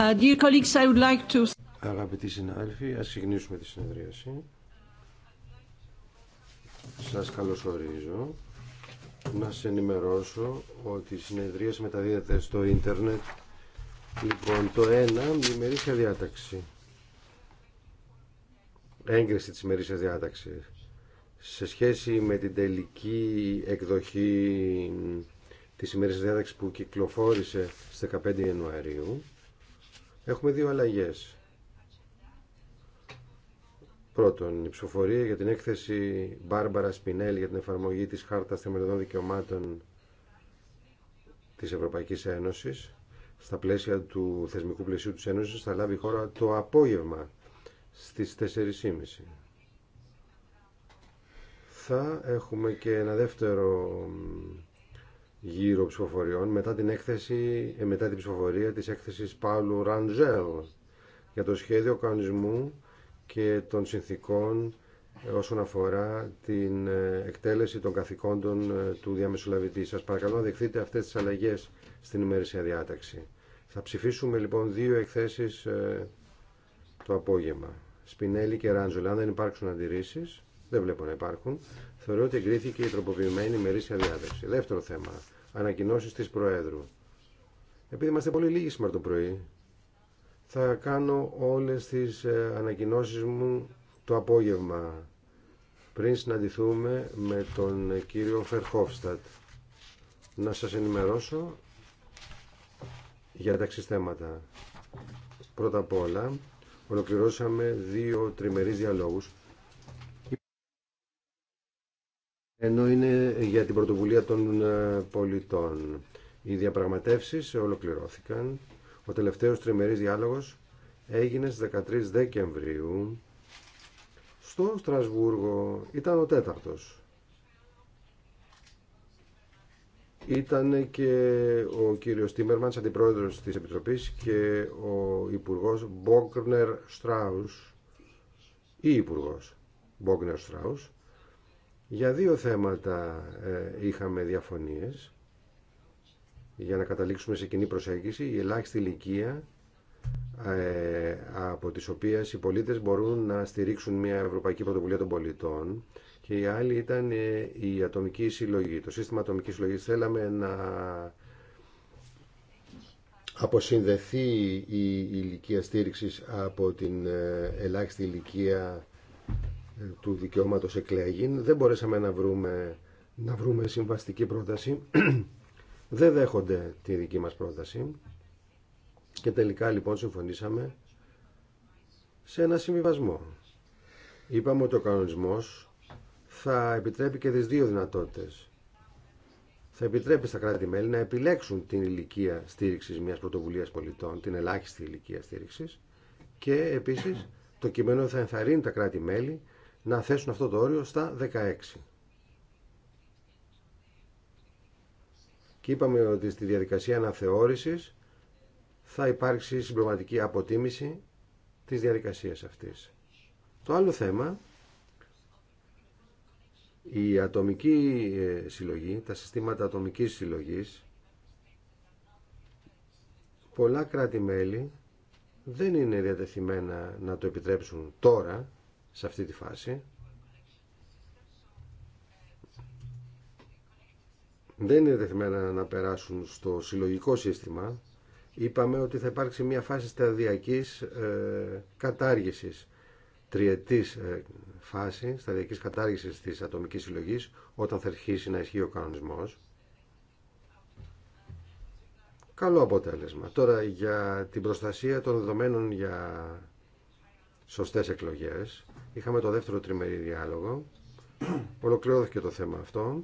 Uh, Αγαπητοί συνάδελφοι, ας συγνήσουμε τη συνεδρίαση. Σας καλωσορίζω. Να σε ενημερώσω ότι η συνεδρίαση μεταδίδεται στο ίντερνετ. Λοιπόν, το ένα, η ημερήσια διάταξη. Έγκριση της ημερήσιας διάταξη. Σε σχέση με την τελική εκδοχή της ημερήσιας διάταξης που κυκλοφόρησε στις 15 Ιανουαρίου, Έχουμε δύο αλλαγές. Πρώτον, η ψηφοφορία για την έκθεση Μπάρμπαρα Σπινέλ για την εφαρμογή της Χάρτας Θεμελιωδών Δικαιωμάτων της Ευρωπαϊκής Ένωσης στα πλαίσια του θεσμικού πλαισίου της Ένωσης θα λάβει χώρα το απόγευμα στις 4.30. Θα έχουμε και ένα δεύτερο γύρω ψηφοφοριών μετά την, έκθεση, ε, μετά την ψηφοφορία της έκθεσης Παύλου Ραντζέλ για το σχέδιο κανονισμού και των συνθήκων ε, όσον αφορά την ε, εκτέλεση των καθηκόντων του διαμεσολαβητή. Σας παρακαλώ να δεχθείτε αυτές τις αλλαγές στην ημερήσια διάταξη. Θα ψηφίσουμε λοιπόν δύο εκθέσεις το απόγευμα. Σπινέλη και Ράντζολα. Αν δεν υπάρξουν αντιρρήσεις, δεν βλέπω να υπάρχουν. Θεωρώ ότι εγκρίθηκε η τροποποιημένη ημερήσια διάταξη. Δεύτερο θέμα. Ανακοινώσει τη Προέδρου. Επειδή είμαστε πολύ λίγοι σήμερα το πρωί, θα κάνω όλε τι ε, ανακοινώσει μου το απόγευμα πριν συναντηθούμε με τον κύριο Φερχόφστατ. Να σας ενημερώσω για τα ξυστέματα. Πρώτα απ' όλα, ολοκληρώσαμε δύο τριμερείς διαλόγους ενώ είναι για την πρωτοβουλία των ε, πολιτών. Οι διαπραγματεύσεις ολοκληρώθηκαν. Ο τελευταίος τριμερής διάλογος έγινε στις 13 Δεκεμβρίου στο Στρασβούργο. Ήταν ο τέταρτος. Ήταν και ο κύριος Τίμερμαντς, αντιπρόεδρος της Επιτροπής και ο Υπουργός Μπόγκνερ Στράους ή Υπουργός Μπόγκνερ Στράους για δύο θέματα ε, είχαμε διαφωνίες για να καταλήξουμε σε κοινή προσέγγιση. Η ελάχιστη ηλικία ε, από τις οποίες οι πολίτες μπορούν να στηρίξουν μια Ευρωπαϊκή Πρωτοβουλία των Πολιτών και η άλλη ήταν ε, η ατομική συλλογή. Το σύστημα ατομικής συλλογής θέλαμε να αποσυνδεθεί η ηλικία στήριξης από την ελάχιστη ηλικία του δικαιώματος εκλέγην. Δεν μπορέσαμε να βρούμε, να βρούμε συμβαστική πρόταση. Δεν δέχονται τη δική μας πρόταση. Και τελικά λοιπόν συμφωνήσαμε σε ένα συμβιβασμό. Είπαμε ότι ο κανονισμός θα επιτρέπει και τις δύο δυνατότητες. Θα επιτρέπει στα κράτη-μέλη να επιλέξουν την ηλικία στήριξης μιας πρωτοβουλίας πολιτών, την ελάχιστη ηλικία στήριξης και επίσης το κείμενο θα ενθαρρύνει τα κράτη-μέλη να θέσουν αυτό το όριο στα 16. Και είπαμε ότι στη διαδικασία αναθεώρησης θα υπάρξει συμπληρωματική αποτίμηση της διαδικασίας αυτής. Το άλλο θέμα, η ατομική ε, συλλογή, τα συστήματα ατομικής συλλογής, πολλά κράτη-μέλη δεν είναι διατεθειμένα να το επιτρέψουν τώρα σε αυτή τη φάση. Δεν είναι δεθμενά να περάσουν στο συλλογικό σύστημα. Είπαμε ότι θα υπάρξει μια φάση σταδιακής ε, κατάργησης, τριετής ε, φάση σταδιακής κατάργησης της ατομικής συλλογής όταν θα αρχίσει να ισχύει ο κανονισμός. Καλό αποτέλεσμα. Τώρα για την προστασία των δεδομένων για Σωστέ εκλογέ. Είχαμε το δεύτερο τριμερή διάλογο. Ολοκληρώθηκε το θέμα αυτό.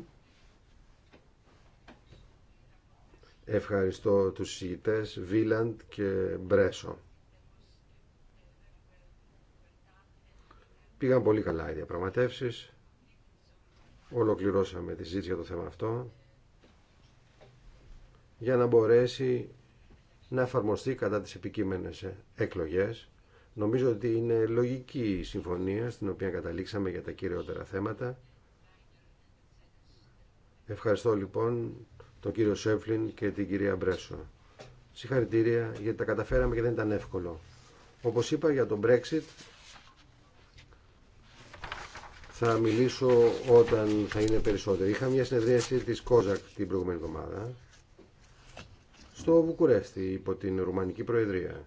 Ευχαριστώ τους συζητητές Βίλαντ και Μπρέσο. Πήγαν πολύ καλά οι διαπραγματεύσεις. Ολοκληρώσαμε τη συζήτηση για το θέμα αυτό για να μπορέσει να εφαρμοστεί κατά τις επικείμενες εκλογές Νομίζω ότι είναι λογική η συμφωνία στην οποία καταλήξαμε για τα κυριότερα θέματα. Ευχαριστώ λοιπόν τον κύριο Σέφλιν και την κυρία Μπρέσο. Συγχαρητήρια γιατί τα καταφέραμε και δεν ήταν εύκολο. Όπως είπα για τον Brexit θα μιλήσω όταν θα είναι περισσότερο. Είχα μια συνεδρίαση της Κόζακ την προηγούμενη εβδομάδα στο Βουκουρέστι υπό την Ρουμανική Προεδρία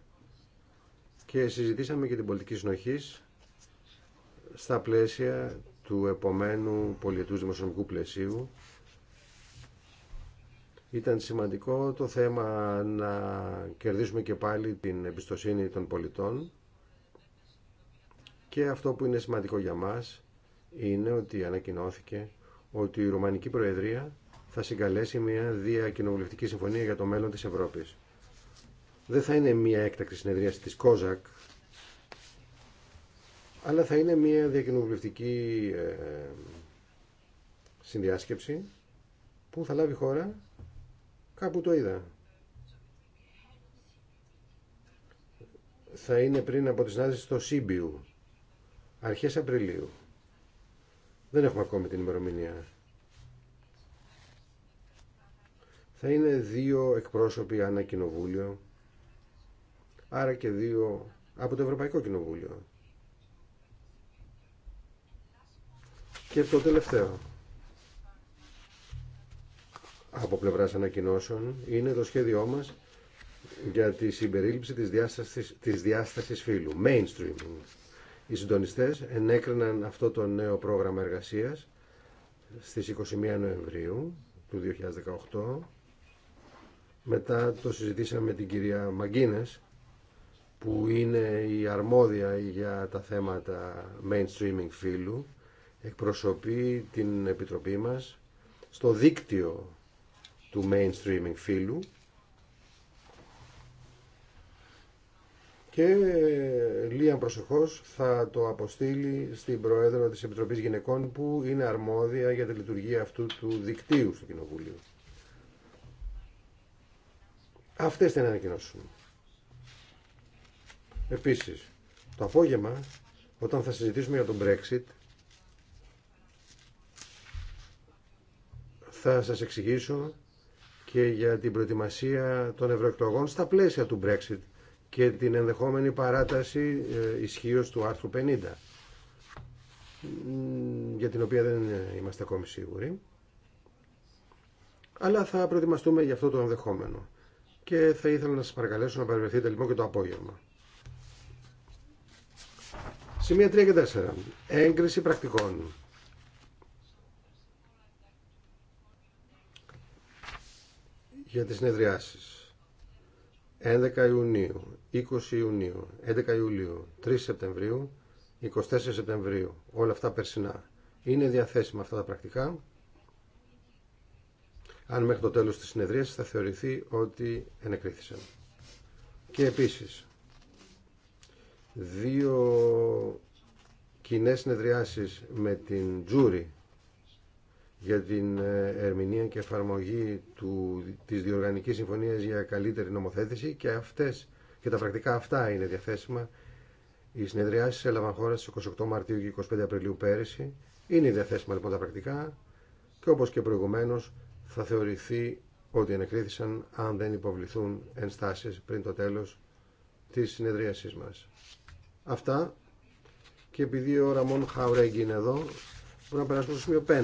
και συζητήσαμε και την πολιτική συνοχή στα πλαίσια του επομένου πολιετούς δημοσιονομικού πλαισίου. Ήταν σημαντικό το θέμα να κερδίσουμε και πάλι την εμπιστοσύνη των πολιτών και αυτό που είναι σημαντικό για μας είναι ότι ανακοινώθηκε ότι η Ρουμανική Προεδρία θα συγκαλέσει μια διακοινοβουλευτική συμφωνία για το μέλλον της Ευρώπης δεν θα είναι μια έκτακτη συνεδρίαση της ΚΟΖΑΚ, αλλά θα είναι μια διακοινοβουλευτική ε, συνδιάσκεψη που θα λάβει χώρα κάπου το είδα. Θα είναι πριν από τη συνάντηση στο Σύμπιου, αρχές Απριλίου. Δεν έχουμε ακόμη την ημερομηνία. Θα είναι δύο εκπρόσωποι ανακοινοβούλιο κοινοβούλιο άρα και δύο από το Ευρωπαϊκό Κοινοβούλιο. Και το τελευταίο από πλευράς ανακοινώσεων είναι το σχέδιό μας για τη συμπερίληψη της διάστασης, της διάστασης φύλου, mainstreaming. Οι συντονιστές ενέκριναν αυτό το νέο πρόγραμμα εργασίας στις 21 Νοεμβρίου του 2018. Μετά το συζητήσαμε με την κυρία Μαγκίνες που είναι η αρμόδια για τα θέματα mainstreaming φύλου εκπροσωπεί την Επιτροπή μας στο δίκτυο του mainstreaming φύλου και λίγαν προσεχώς θα το αποστείλει στην Προέδρο της Επιτροπής Γυναικών που είναι αρμόδια για τη λειτουργία αυτού του δικτύου στο Κοινοβούλιο. Αυτές θα είναι Επίσης, το απόγευμα, όταν θα συζητήσουμε για τον Brexit, θα σας εξηγήσω και για την προετοιμασία των ευρωεκλογών στα πλαίσια του Brexit και την ενδεχόμενη παράταση ε, ισχύω του άρθρου 50 για την οποία δεν είμαστε ακόμη σίγουροι αλλά θα προετοιμαστούμε για αυτό το ενδεχόμενο και θα ήθελα να σας παρακαλέσω να παρευρεθείτε λοιπόν και το απόγευμα Σημεία 3 και 4. Έγκριση πρακτικών. Για τις συνεδριάσεις. 11 Ιουνίου, 20 Ιουνίου, 11 Ιουλίου, 3 Σεπτεμβρίου, 24 Σεπτεμβρίου. Όλα αυτά περσινά. Είναι διαθέσιμα αυτά τα πρακτικά. Αν μέχρι το τέλος της συνεδρίας θα θεωρηθεί ότι ενεκρίθησαν. Και επίσης, δύο κοινέ συνεδριάσεις με την Τζούρι για την ε, ερμηνεία και εφαρμογή του, της Διοργανικής Συμφωνίας για καλύτερη νομοθέτηση και, αυτές, και τα πρακτικά αυτά είναι διαθέσιμα. Οι συνεδριάσεις έλαβαν χώρα στις 28 Μαρτίου και 25 Απριλίου πέρυσι. Είναι διαθέσιμα λοιπόν τα πρακτικά και όπως και προηγουμένως θα θεωρηθεί ότι ενεκρίθησαν αν δεν υποβληθούν ενστάσεις πριν το τέλος της συνεδρίασής μας αυτά και επειδή ο μόνο Χαουρέγγι είναι εδώ μπορούμε να περάσουμε στο σημείο 5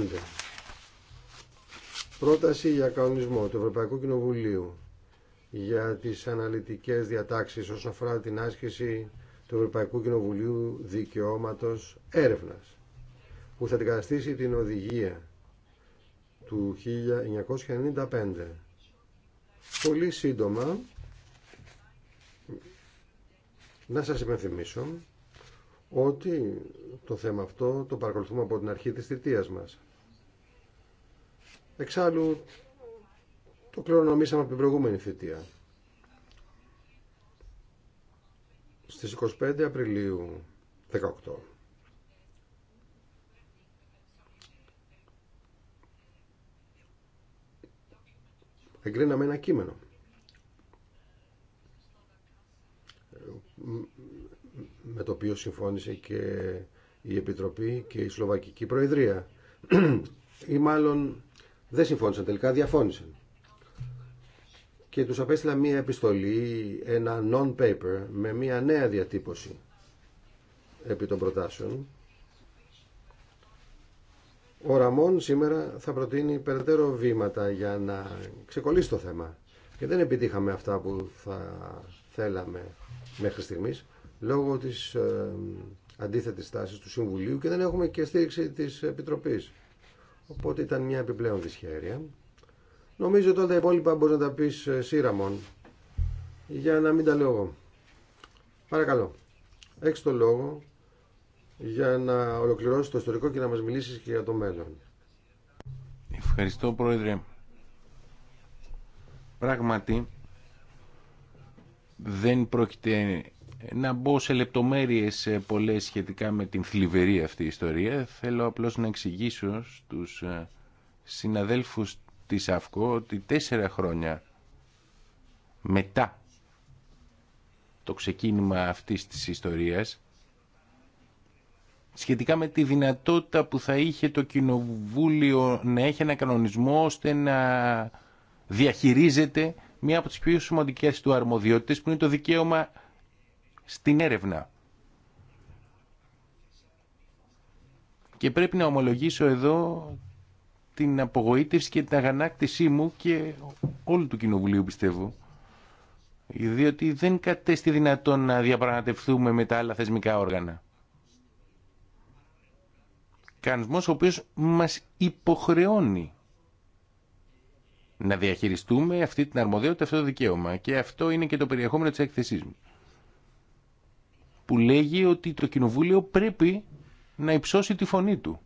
πρόταση για κανονισμό του Ευρωπαϊκού Κοινοβουλίου για τις αναλυτικές διατάξεις όσον αφορά την άσκηση του Ευρωπαϊκού Κοινοβουλίου Δικαιώματος Έρευνας που θα δικαστήσει την οδηγία του 1995. Πολύ σύντομα να σας υπενθυμίσω ότι το θέμα αυτό το παρακολουθούμε από την αρχή της θητείας μας. Εξάλλου, το κληρονομήσαμε από την προηγούμενη θητεία. Στις 25 Απριλίου 18. Εγκρίναμε ένα κείμενο με το οποίο συμφώνησε και η Επιτροπή και η Σλοβακική Προεδρία ή μάλλον δεν συμφώνησαν τελικά, διαφώνησαν και τους απέστειλα μία επιστολή, ένα non-paper με μία νέα διατύπωση επί των προτάσεων ο Ραμόν σήμερα θα προτείνει περαιτέρω βήματα για να ξεκολλήσει το θέμα και δεν επιτύχαμε αυτά που θα θέλαμε μέχρι στιγμής λόγω της ε, αντίθετης τάσης του Συμβουλίου και δεν έχουμε και στήριξη της Επιτροπής. Οπότε ήταν μια επιπλέον δυσχέρεια. Νομίζω τότε τα υπόλοιπα μπορεί να τα πεις ε, Σύραμον για να μην τα λέω εγώ. Παρακαλώ, έχεις το λόγο για να ολοκληρώσει το ιστορικό και να μας μιλήσεις και για το μέλλον. Ευχαριστώ Πρόεδρε. Πράγματι, δεν πρόκειται να μπω σε λεπτομέρειες ε, πολλές σχετικά με την θλιβερή αυτή η ιστορία. Θέλω απλώς να εξηγήσω στους ε, συναδέλφους της ΑΦΚΟ ότι τέσσερα χρόνια μετά το ξεκίνημα αυτής της ιστορίας σχετικά με τη δυνατότητα που θα είχε το Κοινοβούλιο να έχει ένα κανονισμό ώστε να διαχειρίζεται μία από τις πιο σημαντικές του αρμοδιότητες που είναι το δικαίωμα στην έρευνα. Και πρέπει να ομολογήσω εδώ την απογοήτευση και την αγανάκτησή μου και όλου του Κοινοβουλίου πιστεύω. Διότι δεν κατέστη δυνατόν να διαπραγματευτούμε με τα άλλα θεσμικά όργανα. Κανονισμός ο οποίος μας υποχρεώνει να διαχειριστούμε αυτή την αρμοδιότητα, αυτό το δικαίωμα. Και αυτό είναι και το περιεχόμενο της έκθεσής μου. Που λέγει ότι το Κοινοβούλιο πρέπει να υψώσει τη φωνή του.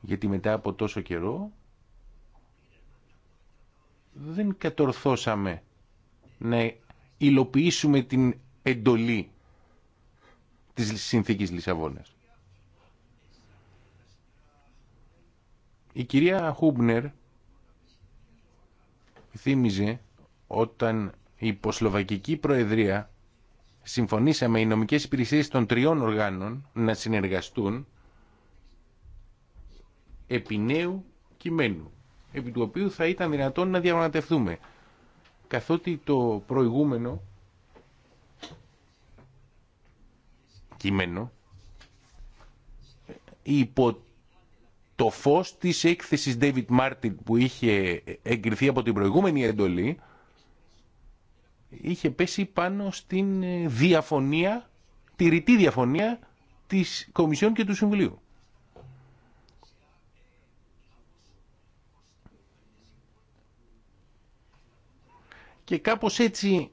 Γιατί μετά από τόσο καιρό δεν κατορθώσαμε να υλοποιήσουμε την εντολή της συνθήκης Λισαβόνας. Η κυρία Χούμπνερ θύμιζε όταν η υποσλοβακική προεδρία συμφωνήσαμε οι νομικές υπηρεσίες των τριών οργάνων να συνεργαστούν επί νέου κειμένου, επί του οποίου θα ήταν δυνατόν να διαπραγματευτούμε. Καθότι το προηγούμενο κείμενο υπό το φως της έκθεσης David Martin που είχε εγκριθεί από την προηγούμενη εντολή είχε πέσει πάνω στην διαφωνία, τη ρητή διαφωνία της Κομισιόν και του Συμβουλίου. Και κάπως έτσι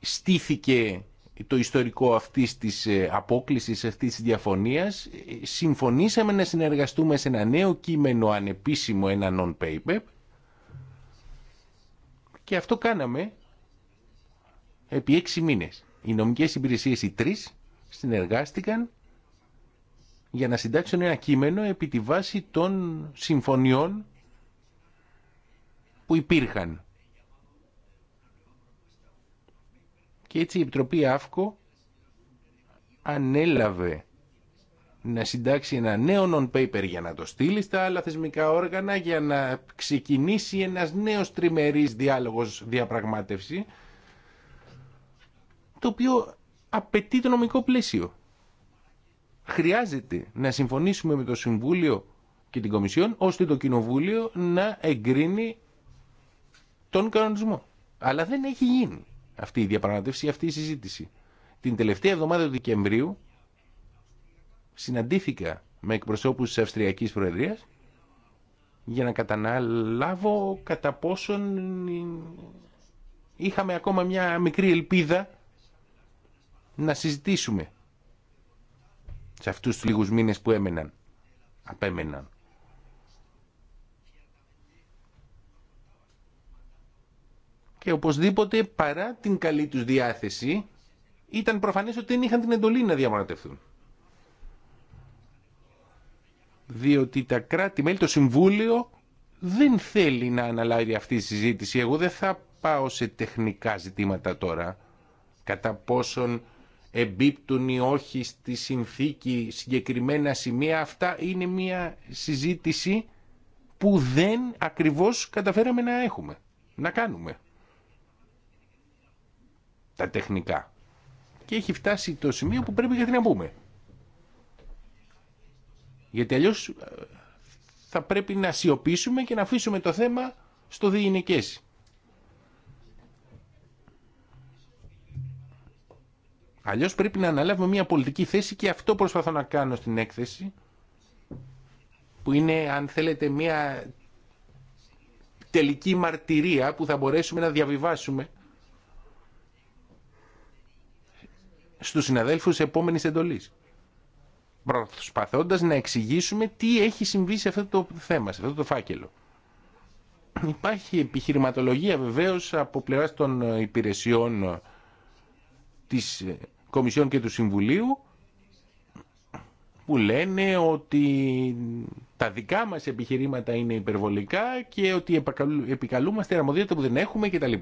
στήθηκε το ιστορικό αυτής της ε, απόκλησης, αυτής της διαφωνίας, ε, συμφωνήσαμε να συνεργαστούμε σε ένα νέο κείμενο ανεπίσημο, ένα non-paper και αυτό κάναμε επί έξι μήνες. Οι νομικές υπηρεσίες οι τρεις συνεργάστηκαν για να συντάξουν ένα κείμενο επί τη βάση των συμφωνιών που υπήρχαν Και έτσι η Επιτροπή ΑΦΚΟ ανέλαβε να συντάξει ένα νέο non-paper για να το στείλει στα άλλα θεσμικά όργανα για να ξεκινήσει ένας νέος τριμερής διάλογος διαπραγμάτευση το οποίο απαιτεί το νομικό πλαίσιο. Χρειάζεται να συμφωνήσουμε με το Συμβούλιο και την Κομισιόν ώστε το Κοινοβούλιο να εγκρίνει τον κανονισμό. Αλλά δεν έχει γίνει αυτή η διαπραγματεύση, αυτή η συζήτηση. Την τελευταία εβδομάδα του Δεκεμβρίου συναντήθηκα με εκπροσώπους της Αυστριακής Προεδρίας για να καταλάβω κατά πόσον είχαμε ακόμα μια μικρή ελπίδα να συζητήσουμε σε αυτούς τους λίγους μήνες που έμεναν, απέμεναν. και οπωσδήποτε παρά την καλή τους διάθεση ήταν προφανές ότι δεν είχαν την εντολή να διαμορατευθούν. Διότι τα κράτη-μέλη, το Συμβούλιο δεν θέλει να αναλάβει αυτή τη συζήτηση. Εγώ δεν θα πάω σε τεχνικά ζητήματα τώρα, κατά πόσον εμπίπτουν ή όχι στη συνθήκη συγκεκριμένα σημεία. Αυτά είναι μια συζήτηση που δεν ακριβώς καταφέραμε να έχουμε, να κάνουμε τα τεχνικά. Και έχει φτάσει το σημείο που πρέπει γιατί να πούμε. Γιατί αλλιώ ε, θα πρέπει να σιωπήσουμε και να αφήσουμε το θέμα στο διηνικές. Αλλιώς πρέπει να αναλάβουμε μια πολιτική θέση και αυτό προσπαθώ να κάνω στην έκθεση που είναι αν θέλετε μια τελική μαρτυρία που θα μπορέσουμε να διαβιβάσουμε στους συναδέλφους επόμενης εντολής. Προσπαθώντας να εξηγήσουμε τι έχει συμβεί σε αυτό το θέμα, σε αυτό το φάκελο. Υπάρχει επιχειρηματολογία βεβαίως από πλευράς των υπηρεσιών της Κομισιόν και του Συμβουλίου που λένε ότι τα δικά μας επιχειρήματα είναι υπερβολικά και ότι επικαλούμαστε αρμοδιότητα που δεν έχουμε κτλ.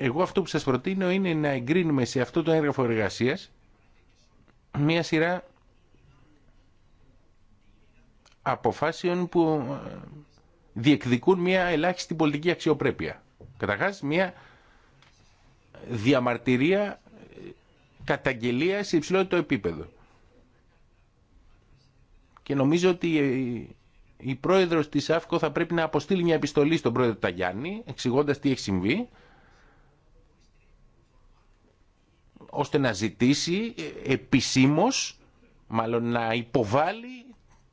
εγώ αυτό που σας προτείνω είναι να εγκρίνουμε σε αυτό το έργο εργασίας μία σειρά αποφάσεων που ε, διεκδικούν μία ελάχιστη πολιτική αξιοπρέπεια. Καταρχάς μία διαμαρτυρία ε, καταγγελία σε υψηλότερο επίπεδο. Και νομίζω ότι ε, η πρόεδρος της ΑΦΚΟ θα πρέπει να αποστείλει μια επιστολή στον πρόεδρο Ταγιάννη, εξηγώντα τι έχει συμβεί, ώστε να ζητήσει ε, επισήμως, μάλλον να υποβάλει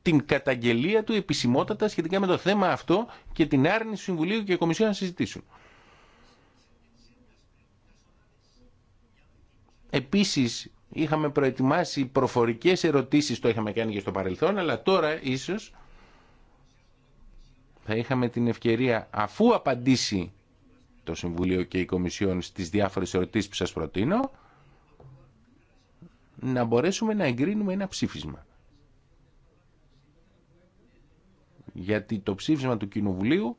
την καταγγελία του επισημότατα σχετικά με το θέμα αυτό και την άρνηση Συμβουλίου και Κομισιόν να συζητήσουν. Επίσης είχαμε προετοιμάσει προφορικές ερωτήσεις, το είχαμε κάνει και στο παρελθόν, αλλά τώρα ίσως θα είχαμε την ευκαιρία αφού απαντήσει το Συμβουλίο και η Κομισιόν στις διάφορες ερωτήσεις που σας προτείνω, να μπορέσουμε να εγκρίνουμε ένα ψήφισμα. Γιατί το ψήφισμα του Κοινοβουλίου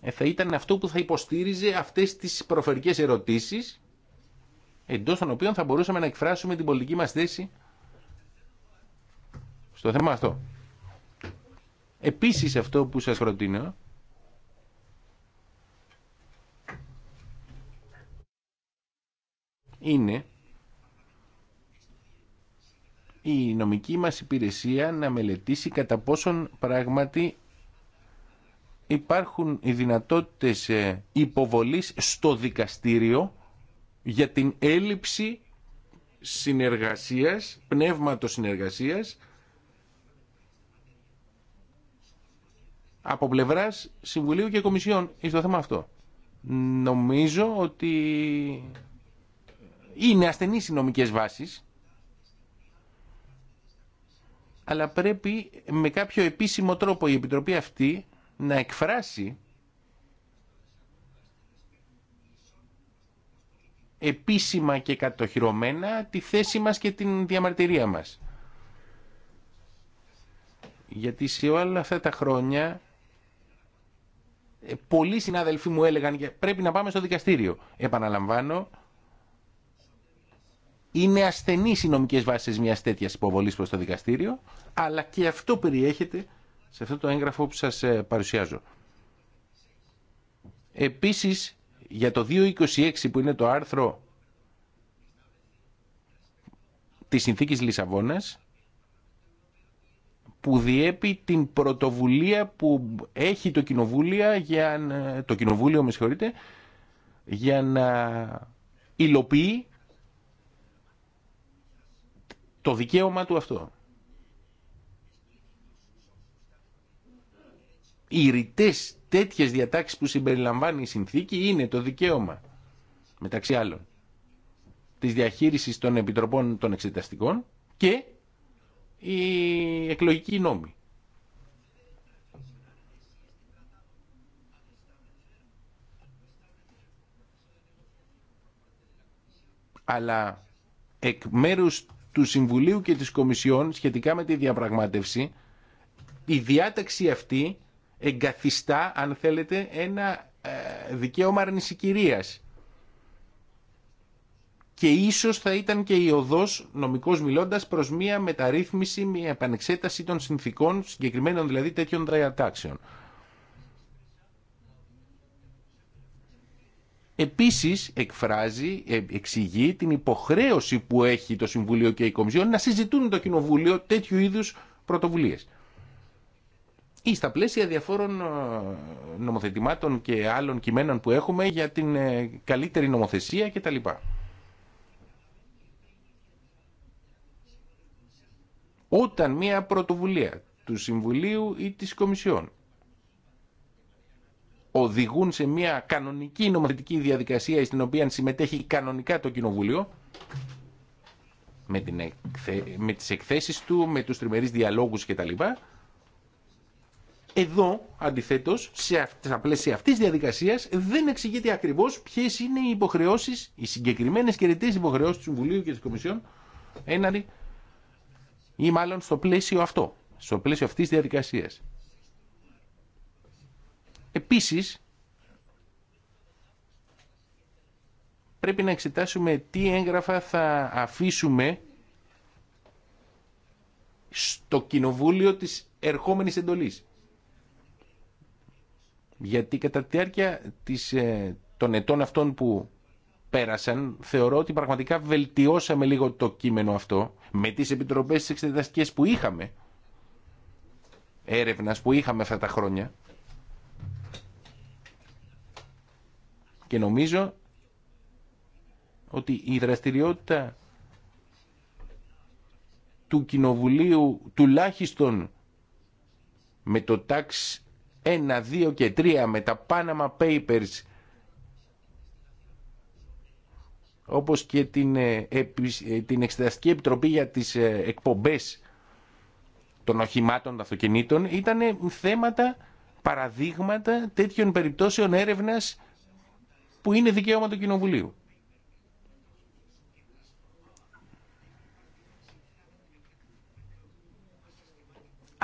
ε, θα ήταν αυτό που θα υποστήριζε αυτές τις προφορικές ερωτήσεις εντός των οποίων θα μπορούσαμε να εκφράσουμε την πολιτική μας θέση στο θέμα αυτό. Επίσης αυτό που σας προτείνω είναι η νομική μας υπηρεσία να μελετήσει κατά πόσον πράγματι υπάρχουν οι δυνατότητες ε, υποβολής στο δικαστήριο για την έλλειψη συνεργασίας, πνεύματος συνεργασίας από πλευράς Συμβουλίου και Κομισιών. στο θέμα αυτό. Νομίζω ότι είναι ασθενείς οι νομικές βάσεις αλλά πρέπει με κάποιο επίσημο τρόπο η Επιτροπή αυτή να εκφράσει επίσημα και κατοχυρωμένα τη θέση μας και την διαμαρτυρία μας. Γιατί σε όλα αυτά τα χρόνια ε, πολλοί συνάδελφοί μου έλεγαν πρέπει να πάμε στο δικαστήριο. Επαναλαμβάνω είναι ασθενεί οι νομικέ βάσεις μιας τέτοιας υποβολής προς το δικαστήριο, αλλά και αυτό περιέχεται σε αυτό το έγγραφο που σας ε, παρουσιάζω. Επίσης, για το 226 που είναι το άρθρο τη συνθήκη Λισαβόνας, που διέπει την πρωτοβουλία που έχει το κοινοβούλιο για να, το κοινοβούλιο με για να υλοποιεί το δικαίωμά του αυτό. Οι ρητές τέτοιες διατάξεις που συμπεριλαμβάνει η συνθήκη είναι το δικαίωμα, μεταξύ άλλων, της διαχείρισης των επιτροπών των εξεταστικών και η εκλογική νόμη. Αλλά εκ μέρους του Συμβουλίου και της Κομισιόν σχετικά με τη διαπραγμάτευση, η διάταξη αυτή εγκαθιστά, αν θέλετε, ένα ε, δικαίωμα αρνησικυρίας. Και ίσως θα ήταν και η οδός, νομικός μιλώντας, προς μια μεταρρύθμιση, μια επανεξέταση των συνθήκων, συγκεκριμένων δηλαδή τέτοιων διατάξεων. Επίσης εκφράζει, ε, εξηγεί την υποχρέωση που έχει το Συμβουλίο και η Κομισιόν να συζητούν το Κοινοβούλιο τέτοιου είδους πρωτοβουλίες. Ή στα πλαίσια διαφόρων ε, νομοθετημάτων και άλλων κειμένων που έχουμε για την ε, καλύτερη νομοθεσία κτλ. Όταν μία πρωτοβουλία του Συμβουλίου ή της Κομισιόν οδηγούν σε μια κανονική νομοθετική διαδικασία στην οποία συμμετέχει κανονικά το Κοινοβούλιο με, την εκθε... με τις εκθέσεις του, με τους τριμερείς διαλόγους κτλ. Εδώ, αντιθέτως, σε αυ... στα πλαίσια αυτής διαδικασίας δεν εξηγείται ακριβώς ποιες είναι οι υποχρεώσεις, οι συγκεκριμένες και ρητές υποχρεώσεις του Συμβουλίου και της Κομισιόν έναντι ή μάλλον στο πλαίσιο αυτό, στο πλαίσιο αυτής διαδικασίας. Επίσης, πρέπει να εξετάσουμε τι έγγραφα θα αφήσουμε στο κοινοβούλιο της ερχόμενης εντολής. Γιατί κατά τη διάρκεια της, ε, των ετών αυτών που πέρασαν, θεωρώ ότι πραγματικά βελτιώσαμε λίγο το κείμενο αυτό με τις επιτροπές εξεταστικές που είχαμε, έρευνας που είχαμε αυτά τα χρόνια Και νομίζω ότι η δραστηριότητα του Κοινοβουλίου τουλάχιστον με το τάξη 1, 2 και 3 με τα Panama Papers όπως και την, ε, ε, την Εξεταστική Επιτροπή για τις ε, εκπομπές των οχημάτων, των αυτοκινήτων ήταν θέματα, παραδείγματα τέτοιων περιπτώσεων έρευνας που είναι δικαίωμα του Κοινοβουλίου.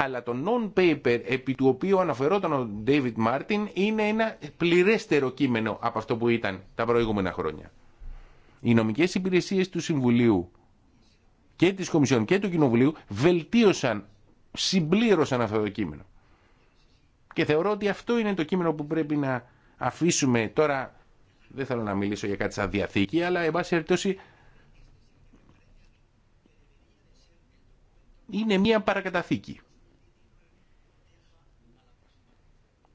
αλλά το non-paper επί του οποίου αναφερόταν ο David Μάρτιν είναι ένα πληρέστερο κείμενο από αυτό που ήταν τα προηγούμενα χρόνια. Οι νομικές υπηρεσίες του Συμβουλίου και της Κομισιόν και του Κοινοβουλίου βελτίωσαν, συμπλήρωσαν αυτό το κείμενο. Και θεωρώ ότι αυτό είναι το κείμενο που πρέπει να αφήσουμε τώρα δεν θέλω να μιλήσω για κάτι σαν διαθήκη, αλλά εν πάση είναι μια παρακαταθήκη.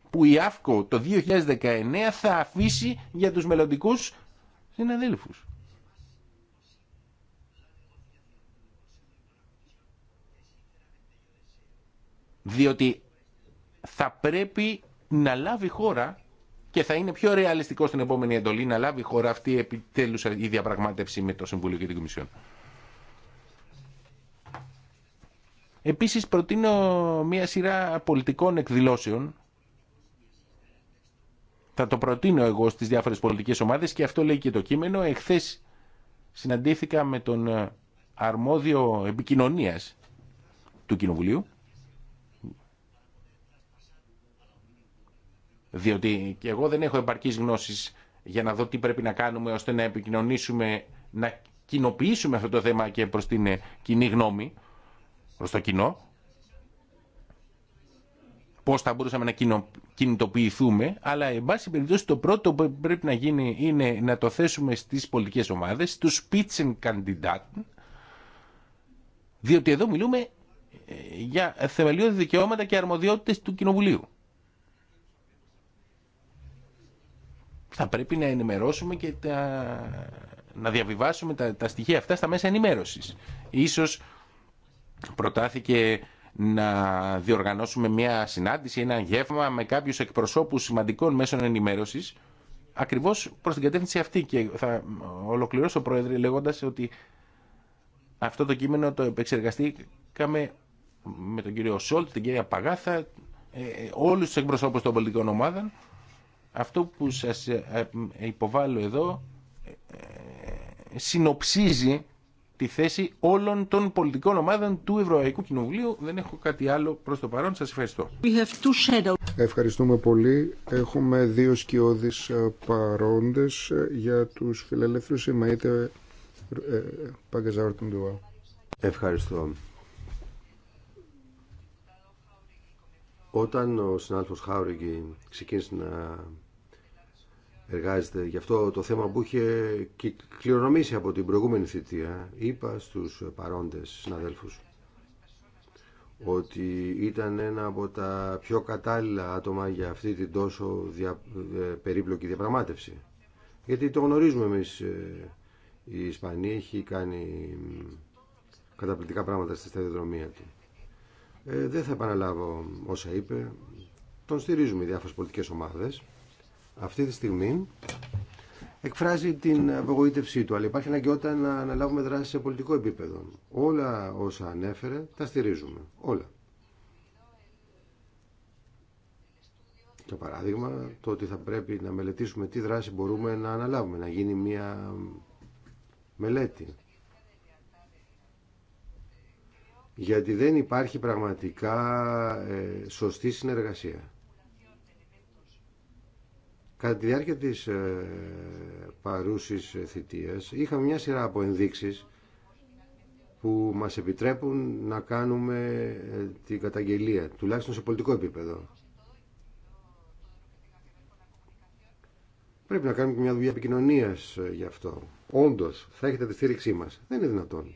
Που η ΑΦΚΟ το 2019 θα αφήσει για τους μελλοντικού συναδέλφους. Διότι θα πρέπει να λάβει χώρα και θα είναι πιο ρεαλιστικό στην επόμενη εντολή να λάβει η χώρα αυτή επιτέλου η διαπραγμάτευση με το Συμβούλιο και την Κομισιόν. Επίσης προτείνω μία σειρά πολιτικών εκδηλώσεων. Θα το προτείνω εγώ στις διάφορες πολιτικές ομάδες και αυτό λέει και το κείμενο. Εχθές συναντήθηκα με τον αρμόδιο επικοινωνία του Κοινοβουλίου διότι και εγώ δεν έχω επαρκή γνώσεις για να δω τι πρέπει να κάνουμε ώστε να επικοινωνήσουμε, να κοινοποιήσουμε αυτό το θέμα και προς την ε, κοινή γνώμη, προς το κοινό. Πώς θα μπορούσαμε να κινητοποιηθούμε, αλλά εν πάση περιπτώσει το πρώτο που πρέπει να γίνει είναι να το θέσουμε στις πολιτικές ομάδες, στους Spitzenkandidaten, διότι εδώ μιλούμε ε, για θεμελιώδη δικαιώματα και αρμοδιότητες του Κοινοβουλίου. θα πρέπει να ενημερώσουμε και τα... να διαβιβάσουμε τα, τα στοιχεία αυτά στα μέσα ενημέρωσης. Ίσως προτάθηκε να διοργανώσουμε μια συνάντηση, ένα γεύμα με κάποιους εκπροσώπους σημαντικών μέσων ενημέρωσης, ακριβώς προς την κατεύθυνση αυτή και θα ολοκληρώσω Πρόεδρε λέγοντας ότι αυτό το κείμενο το επεξεργαστήκαμε με τον κύριο Σόλτ, την κυρία Παγάθα, ε, ε, όλους τους εκπροσώπους των πολιτικών ομάδων αυτό που σας ε, ε, υποβάλλω εδώ ε, συνοψίζει τη θέση όλων των πολιτικών ομάδων του Ευρωπαϊκού Κοινοβουλίου. Δεν έχω κάτι άλλο προς το παρόν. Σας ευχαριστώ. Ευχαριστούμε πολύ. Έχουμε δύο σκιώδεις παρόντες για τους φιλελεύθερους. Είμαι είτε Ευχαριστώ. Όταν ο συνάδελφος Χάουρικη ξεκίνησε να εργάζεται. Γι' αυτό το θέμα που είχε κληρονομήσει από την προηγούμενη θητεία, είπα στους παρόντες συναδέλφους ότι ήταν ένα από τα πιο κατάλληλα άτομα για αυτή την τόσο δια... Ε, περίπλοκη διαπραγμάτευση. Γιατί το γνωρίζουμε εμείς, ε, η Ισπανία έχει κάνει καταπληκτικά πράγματα στη σταδιοδρομία του. Ε, δεν θα επαναλάβω όσα είπε. Τον στηρίζουμε οι διάφορες πολιτικές ομάδες αυτή τη στιγμή εκφράζει την απογοήτευσή του, αλλά υπάρχει αναγκαιότητα να αναλάβουμε δράση σε πολιτικό επίπεδο. Όλα όσα ανέφερε τα στηρίζουμε. Όλα. Για παράδειγμα, το ότι θα πρέπει να μελετήσουμε τι δράση μπορούμε να αναλάβουμε, να γίνει μια μελέτη. Γιατί δεν υπάρχει πραγματικά ε, σωστή συνεργασία. Κατά τη διάρκεια της ε, παρούσης είχαμε μια σειρά από ενδείξεις που μας επιτρέπουν να κάνουμε ε, την καταγγελία, τουλάχιστον σε πολιτικό επίπεδο. Πρέπει να κάνουμε μια δουλειά επικοινωνία ε, γι' αυτό. Όντω, θα έχετε τη στήριξή μα. Δεν είναι δυνατόν.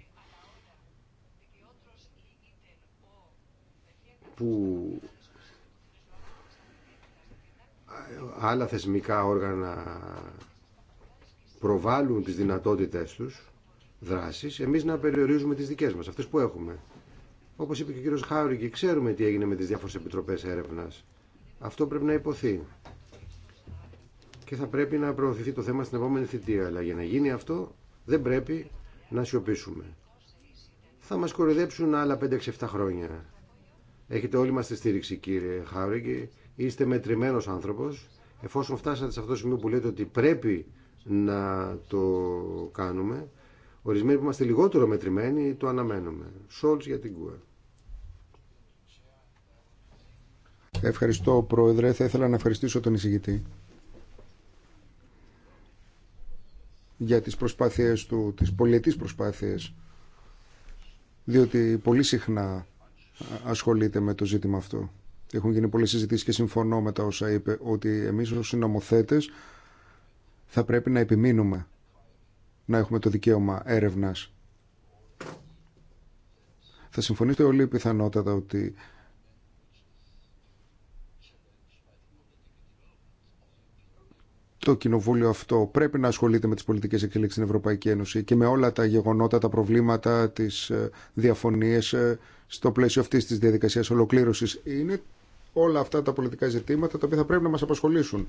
Που άλλα θεσμικά όργανα προβάλλουν τις δυνατότητές τους δράσεις, εμείς να περιορίζουμε τις δικές μας, αυτές που έχουμε. Όπως είπε και ο κύριος και ξέρουμε τι έγινε με τις διάφορες επιτροπές έρευνας. Αυτό πρέπει να υποθεί. Και θα πρέπει να προωθηθεί το θέμα στην επόμενη θητεία. Αλλά για να γίνει αυτό δεν πρέπει να σιωπήσουμε. Θα μας κοροϊδέψουν άλλα 5-6-7 χρόνια. Έχετε όλοι μας τη στήριξη κύριε Χάουρεγγι. Είστε μετρημένος άνθρωπος. Εφόσον φτάσατε σε αυτό το σημείο που λέτε ότι πρέπει να το κάνουμε, ορισμένοι που είμαστε λιγότερο μετρημένοι το αναμένουμε. Σόλτς για την ΚΟΕ. Ευχαριστώ Πρόεδρε. Θα ήθελα να ευχαριστήσω τον εισηγητή για τις προσπάθειες του, τις πολιτικές προσπάθειες διότι πολύ συχνά ασχολείται με το ζήτημα αυτό. Έχουν γίνει πολλές συζητήσεις και συμφωνώ με τα όσα είπε ότι εμείς ως συνομοθέτες θα πρέπει να επιμείνουμε να έχουμε το δικαίωμα έρευνας. Θα συμφωνείτε όλοι πιθανότατα ότι το κοινοβούλιο αυτό πρέπει να ασχολείται με τις πολιτικές εξελίξεις στην Ευρωπαϊκή Ένωση και με όλα τα γεγονότα, τα προβλήματα, τις ε, διαφωνίες ε, στο πλαίσιο αυτή τη διαδικασία ολοκλήρωσης. Είναι όλα αυτά τα πολιτικά ζητήματα τα οποία θα πρέπει να μας απασχολήσουν.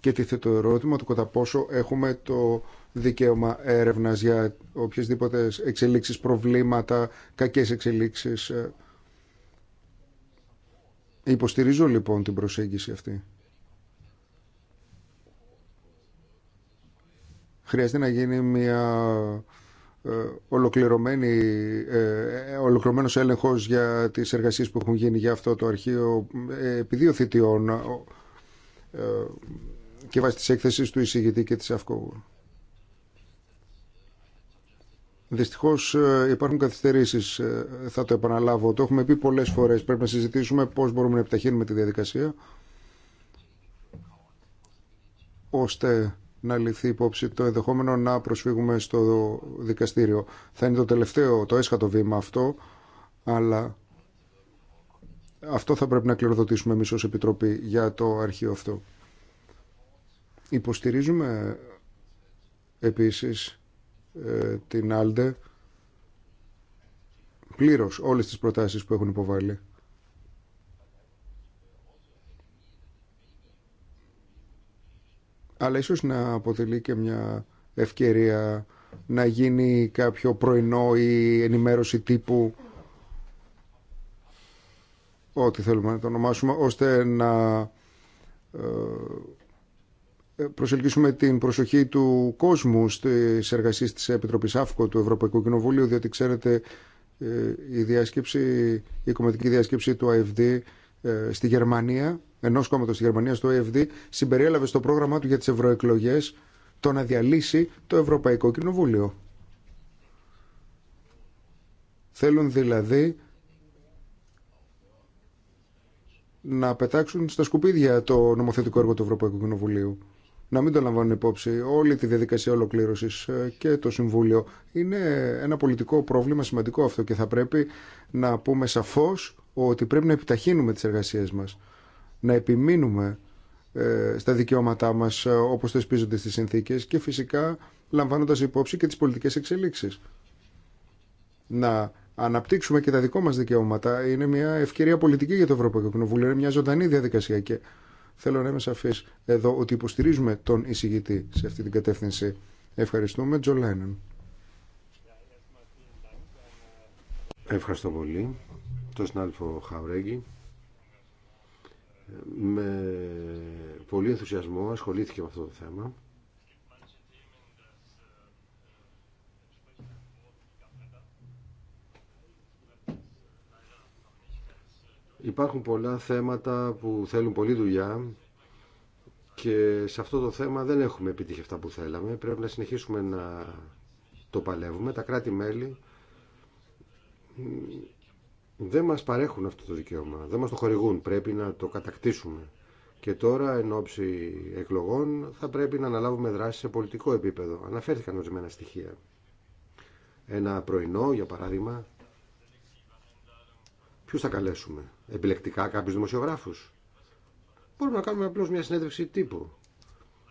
Και τίθεται το ερώτημα του κατά πόσο έχουμε το δικαίωμα έρευνα για οποιασδήποτε εξελίξεις, προβλήματα, κακές εξελίξεις. Υποστηρίζω λοιπόν την προσέγγιση αυτή. Χρειάζεται να γίνει μια ε, ολοκληρωμένη, ε, ε, ολοκληρωμένος έλεγχος για τις εργασίες που έχουν γίνει για αυτό το αρχείο επί και βάσει της έκθεσης του εισηγητή και της ΑΦΚΟ. Δυστυχώ υπάρχουν καθυστερήσει, θα το επαναλάβω. Το έχουμε πει πολλέ φορέ. Πρέπει να συζητήσουμε πώ μπορούμε να επιταχύνουμε τη διαδικασία ώστε να ληφθεί υπόψη το ενδεχόμενο να προσφύγουμε στο δικαστήριο. Θα είναι το τελευταίο, το έσχατο βήμα αυτό, αλλά αυτό θα πρέπει να κληροδοτήσουμε εμείς ως Επιτροπή για το αρχείο αυτό. Υποστηρίζουμε επίσης ε, την Άλντε πλήρως όλες τις προτάσεις που έχουν υποβάλει. αλλά ίσως να αποτελεί και μια ευκαιρία να γίνει κάποιο πρωινό ή ενημέρωση τύπου ό,τι θέλουμε να το ονομάσουμε, ώστε να ε, προσελκύσουμε την προσοχή του κόσμου στις εργασίες της Επιτροπής ΑΦΚΟ του Ευρωπαϊκού Κοινοβουλίου, διότι ξέρετε ε, η διάσκεψη, η κομματική διάσκεψη του ΑΕΒΔ ε, στη Γερμανία, ενό κόμματο στη Γερμανία, στο EFD, συμπεριέλαβε στο πρόγραμμά του για τι ευρωεκλογέ το να διαλύσει το Ευρωπαϊκό Κοινοβούλιο. Θέλουν δηλαδή να πετάξουν στα σκουπίδια το νομοθετικό έργο του Ευρωπαϊκού Κοινοβουλίου. Να μην το λαμβάνουν υπόψη όλη τη διαδικασία ολοκλήρωση ε, και το Συμβούλιο. Είναι ένα πολιτικό πρόβλημα σημαντικό αυτό και θα πρέπει να πούμε σαφώς ότι πρέπει να επιταχύνουμε τις εργασίες μας, να επιμείνουμε ε, στα δικαιώματά μας ε, όπως θεσπίζονται στις συνθήκες και φυσικά λαμβάνοντας υπόψη και τις πολιτικές εξελίξεις. Να αναπτύξουμε και τα δικό μας δικαιώματα είναι μια ευκαιρία πολιτική για το Ευρωπαϊκό Κοινοβούλιο, είναι μια ζωντανή διαδικασία και θέλω να είμαι σαφής εδώ ότι υποστηρίζουμε τον εισηγητή σε αυτή την κατεύθυνση. Ευχαριστούμε. Τζο Ευχαριστώ πολύ το συνάδελφο Χαουρέγγι. Με πολύ ενθουσιασμό ασχολήθηκε με αυτό το θέμα. Υπάρχουν πολλά θέματα που θέλουν πολλή δουλειά και σε αυτό το θέμα δεν έχουμε επιτύχει αυτά που θέλαμε. Πρέπει να συνεχίσουμε να το παλεύουμε. Τα κράτη-μέλη δεν μας παρέχουν αυτό το δικαίωμα, δεν μας το χορηγούν, πρέπει να το κατακτήσουμε. Και τώρα, εν ώψη εκλογών, θα πρέπει να αναλάβουμε δράση σε πολιτικό επίπεδο. Αναφέρθηκαν ορισμένα στοιχεία. Ένα πρωινό, για παράδειγμα, ποιους θα καλέσουμε, επιλεκτικά κάποιους δημοσιογράφους. Μπορούμε να κάνουμε απλώς μια συνέντευξη τύπου,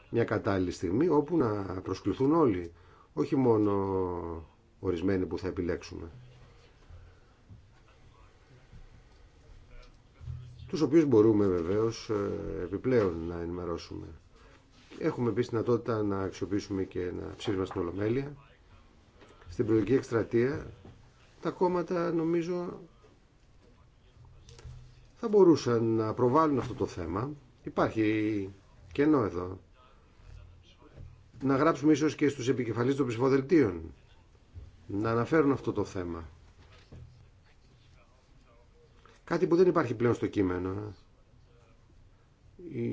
μια κατάλληλη στιγμή όπου να προσκληθούν όλοι, όχι μόνο ορισμένοι που θα επιλέξουμε. τους οποίους μπορούμε βεβαίως ε, επιπλέον να ενημερώσουμε. Έχουμε επίσης δυνατότητα να αξιοποιήσουμε και ένα ψήφισμα στην Ολομέλεια. Στην προηγική εκστρατεία τα κόμματα νομίζω θα μπορούσαν να προβάλλουν αυτό το θέμα. Υπάρχει κενό εδώ. Να γράψουμε ίσως και στους επικεφαλείς των ψηφοδελτίων να αναφέρουν αυτό το θέμα. Κάτι που δεν υπάρχει πλέον στο κείμενο. Η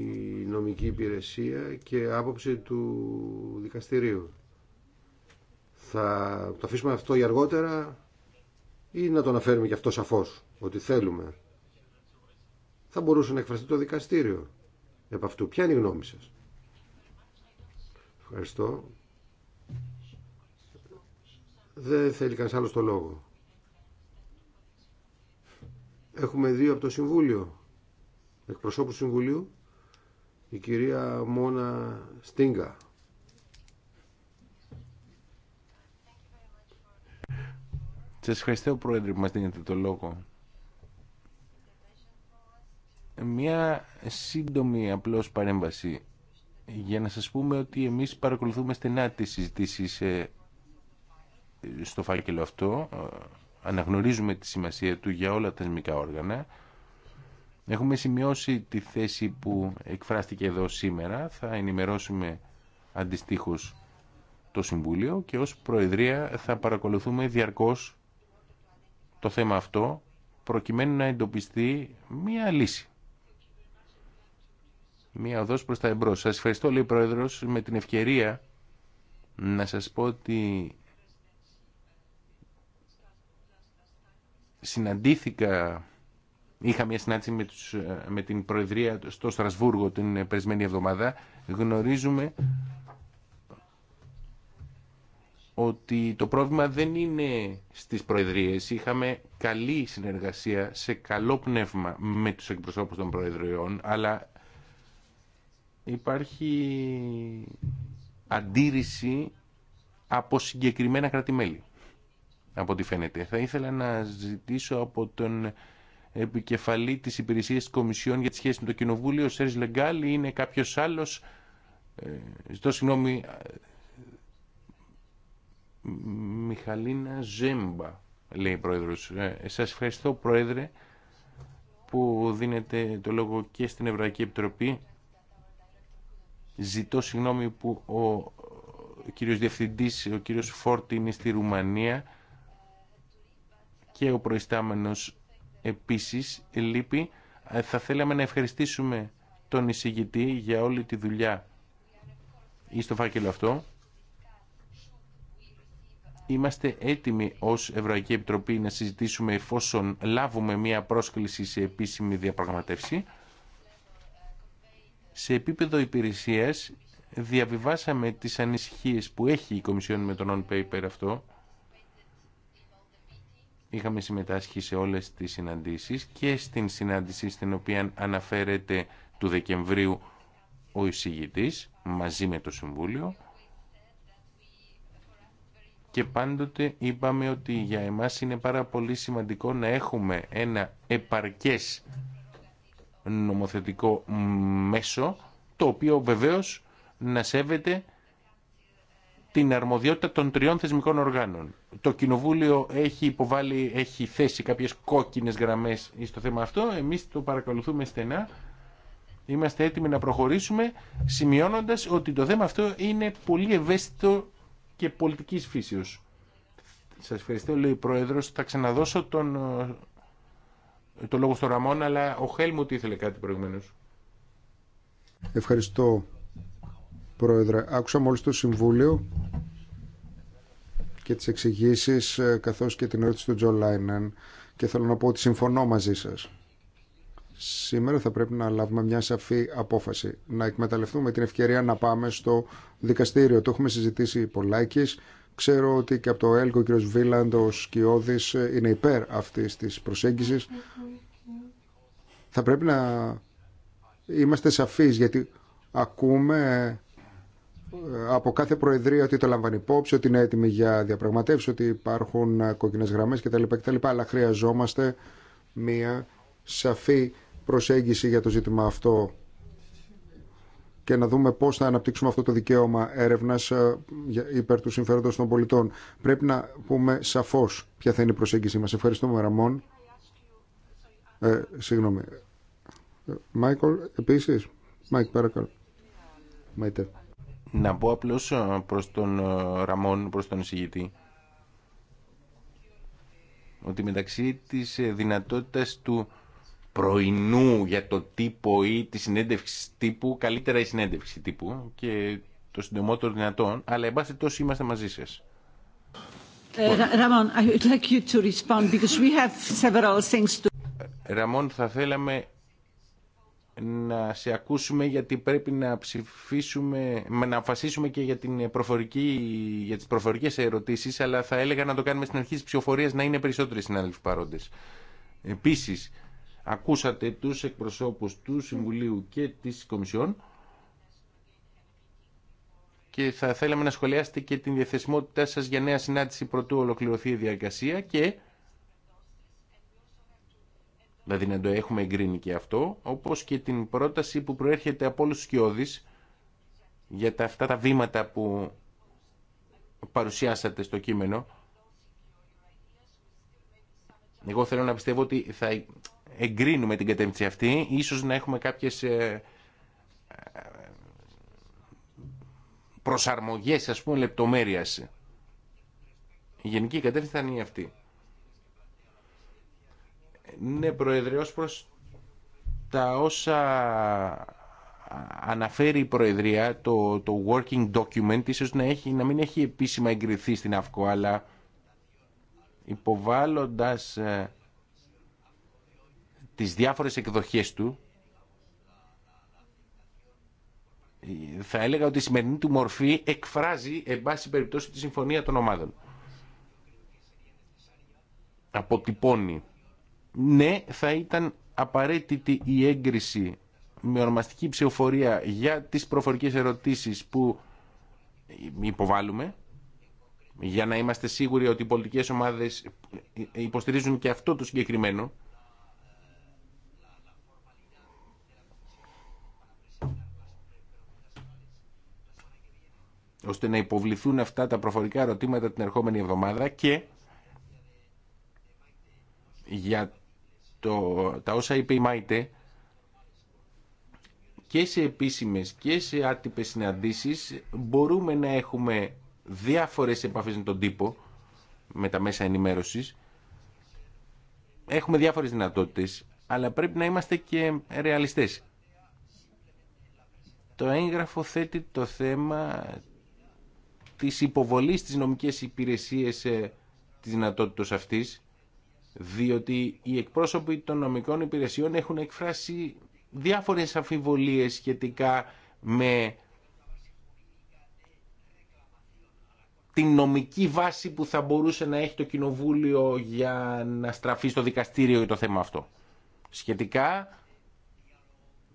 νομική υπηρεσία και άποψη του δικαστηρίου. Θα το αφήσουμε αυτό για αργότερα ή να το αναφέρουμε και αυτό σαφώς, ότι θέλουμε. Θα μπορούσε να εκφραστεί το δικαστήριο επ' αυτού. Ποια είναι η γνώμη σας. Ευχαριστώ. Δεν θέλει κανένα άλλο το λόγο. Έχουμε δύο από το Συμβούλιο, εκπροσώπου Συμβουλίου, η κυρία Μόνα Στίγκα. Σας ευχαριστώ, Πρόεδρε, που μας δίνετε το λόγο. Μια σύντομη απλώς παρέμβαση για να σας πούμε ότι εμείς παρακολουθούμε στενά τις συζητήσεις ε, στο φάκελο αυτό αναγνωρίζουμε τη σημασία του για όλα τα θεσμικά όργανα. Έχουμε σημειώσει τη θέση που εκφράστηκε εδώ σήμερα. Θα ενημερώσουμε αντιστοίχως το Συμβούλιο και ως Προεδρία θα παρακολουθούμε διαρκώς το θέμα αυτό προκειμένου να εντοπιστεί μία λύση. Μία οδός προς τα εμπρός. Σας ευχαριστώ, λέει ο Πρόεδρος, με την ευκαιρία να σας πω ότι συναντήθηκα, είχα μια συνάντηση με, τους, ε, με την Προεδρία στο Στρασβούργο την ε, περισμένη εβδομάδα, γνωρίζουμε ότι το πρόβλημα δεν είναι στις Προεδρίες. Είχαμε καλή συνεργασία σε καλό πνεύμα με τους εκπροσώπους των Προεδριών, αλλά υπάρχει αντίρρηση από συγκεκριμένα κρατημέλη από ό,τι φαίνεται. Θα ήθελα να ζητήσω από τον επικεφαλή της υπηρεσίας της Κομισιόν για τις σχέση με το Κοινοβούλιο, ο Σέρις Λεγκάλ, ή είναι κάποιος άλλος, ε, ζητώ συγγνώμη, ε, Μιχαλίνα Ζέμπα, λέει Πρόεδρος. Ε, σας ευχαριστώ, Πρόεδρε, που δίνετε το λόγο και στην Ευρωπαϊκή Επιτροπή. Ζητώ συγγνώμη που ο κύριος Διευθυντής, ο κύριος Φόρτη, είναι στη Ρουμανία και ο προϊστάμενος επίσης λείπει. Ε, θα θέλαμε να ευχαριστήσουμε τον εισηγητή για όλη τη δουλειά ή στο φάκελο αυτό. Είμαστε έτοιμοι ως Ευρωπαϊκή Επιτροπή να συζητήσουμε εφόσον λάβουμε μία πρόσκληση σε επίσημη διαπραγματεύση. Σε επίπεδο υπηρεσίας διαβιβάσαμε τις ανησυχίες που έχει η Κομισιόν με τον paper αυτό είχαμε συμμετάσχει σε όλες τις συναντήσεις και στην συνάντηση στην οποία αναφέρεται του Δεκεμβρίου ο εισηγητής μαζί με το Συμβούλιο και πάντοτε είπαμε ότι για εμάς είναι πάρα πολύ σημαντικό να έχουμε ένα επαρκές νομοθετικό μέσο το οποίο βεβαίως να σέβεται την αρμοδιότητα των τριών θεσμικών οργάνων. Το Κοινοβούλιο έχει υποβάλει, έχει θέσει κάποιες κόκκινε γραμμές στο θέμα αυτό. Εμείς το παρακολουθούμε στενά. Είμαστε έτοιμοι να προχωρήσουμε, σημειώνοντας ότι το θέμα αυτό είναι πολύ ευαίσθητο και πολιτικής φύσεως. Σα ευχαριστώ, λέει ο Πρόεδρο. Θα ξαναδώσω τον, το λόγο στο Ραμόν, αλλά ο Χέλμουτ ήθελε κάτι προηγουμένως. Ευχαριστώ. Πρόεδρε. Άκουσα μόλις το Συμβούλιο και τις εξηγήσει ε, καθώς και την ερώτηση του Τζο Λάινεν και θέλω να πω ότι συμφωνώ μαζί σας. Σήμερα θα πρέπει να λάβουμε μια σαφή απόφαση, να εκμεταλλευτούμε την ευκαιρία να πάμε στο δικαστήριο. Το έχουμε συζητήσει πολλάκις. Ξέρω ότι και από το ΕΛΚΟ ο κ. Βίλαντ, ο Σκιώδης, ε, είναι υπέρ αυτή της προσέγγιση. Θα πρέπει να είμαστε σαφείς, γιατί ακούμε ε, από κάθε Προεδρία ότι το λαμβάνει υπόψη, ότι είναι έτοιμη για διαπραγματεύσει, ότι υπάρχουν ε, κόκκινε γραμμέ κτλ, κτλ. Αλλά χρειαζόμαστε μία σαφή προσέγγιση για το ζήτημα αυτό και να δούμε πώς θα αναπτύξουμε αυτό το δικαίωμα έρευνας ε, υπέρ του συμφέροντος των πολιτών. Πρέπει να πούμε σαφώς ποια θα είναι η προσέγγιση μας Ευχαριστούμε, Ραμόν. Ε, συγγνώμη. Μάικολ, επίση. Μάικ, παρακαλώ. Να πω απλώς ε, προς τον ε, Ραμόν, προς τον εισηγητή, ότι μεταξύ της ε, δυνατότητας του πρωινού για το τύπο ή τη συνέντευξη τύπου, καλύτερα η συνέντευξη τύπου και το συντομότερο δυνατόν, αλλά εν πάση τόσο είμαστε μαζί σας. Ραμόν, θα θέλαμε να σε ακούσουμε γιατί πρέπει να ψηφίσουμε, να αποφασίσουμε και για, την προφορική, για τις προφορικές ερωτήσεις, αλλά θα έλεγα να το κάνουμε στην αρχή της ψηφοφορίας να είναι περισσότεροι συνάδελφοι παρόντες. Επίσης, ακούσατε τους εκπροσώπους του Συμβουλίου και της Κομισιόν και θα θέλαμε να σχολιάσετε και την διαθεσιμότητά σας για νέα συνάντηση πρωτού ολοκληρωθεί η διαδικασία και δηλαδή να το έχουμε εγκρίνει και αυτό, όπως και την πρόταση που προέρχεται από όλους τους για τα, αυτά τα βήματα που παρουσιάσατε στο κείμενο. Εγώ θέλω να πιστεύω ότι θα εγκρίνουμε την κατεύθυνση αυτή, ίσως να έχουμε κάποιες ε, ε, προσαρμογές ας πούμε λεπτομέρειας. Η γενική κατεύθυνση θα είναι αυτή. Ναι, προεδρεός προς τα όσα αναφέρει η Προεδρία, το, το working document, ίσως να, έχει, να μην έχει επίσημα εγκριθεί στην ΑΦΚΟ, αλλά υποβάλλοντας ε, τις διάφορες εκδοχές του, θα έλεγα ότι η σημερινή του μορφή εκφράζει, εν πάση περιπτώσει, τη συμφωνία των ομάδων. Αποτυπώνει ναι θα ήταν απαραίτητη η έγκριση με ονομαστική ψηφοφορία για τις προφορικές ερωτήσεις που υποβάλλουμε για να είμαστε σίγουροι ότι οι πολιτικές ομάδες υποστηρίζουν και αυτό το συγκεκριμένο ώστε να υποβληθούν αυτά τα προφορικά ερωτήματα την ερχόμενη εβδομάδα και για το, τα όσα είπε η Μάιτε και σε επίσημες και σε άτυπες συναντήσεις μπορούμε να έχουμε διάφορες επαφές με τον τύπο με τα μέσα ενημέρωσης έχουμε διάφορες δυνατότητες αλλά πρέπει να είμαστε και ρεαλιστές το έγγραφο θέτει το θέμα της υποβολής της νομικές υπηρεσίες ε, της δυνατότητας αυτής διότι οι εκπρόσωποι των νομικών υπηρεσιών έχουν εκφράσει διάφορες αφιβολίες σχετικά με την νομική βάση που θα μπορούσε να έχει το Κοινοβούλιο για να στραφεί στο δικαστήριο για το θέμα αυτό. Σχετικά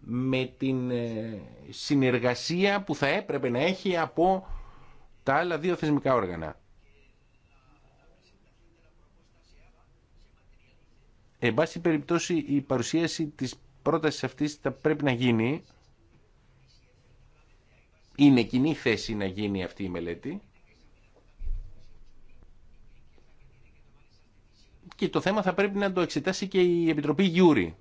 με την ε, συνεργασία που θα έπρεπε να έχει από τα άλλα δύο θεσμικά όργανα. Εν πάση περιπτώσει η παρουσίαση της πρότασης αυτής θα πρέπει να γίνει. Είναι κοινή θέση να γίνει αυτή η μελέτη. Και το θέμα θα πρέπει να το εξετάσει και η Επιτροπή Γιούρη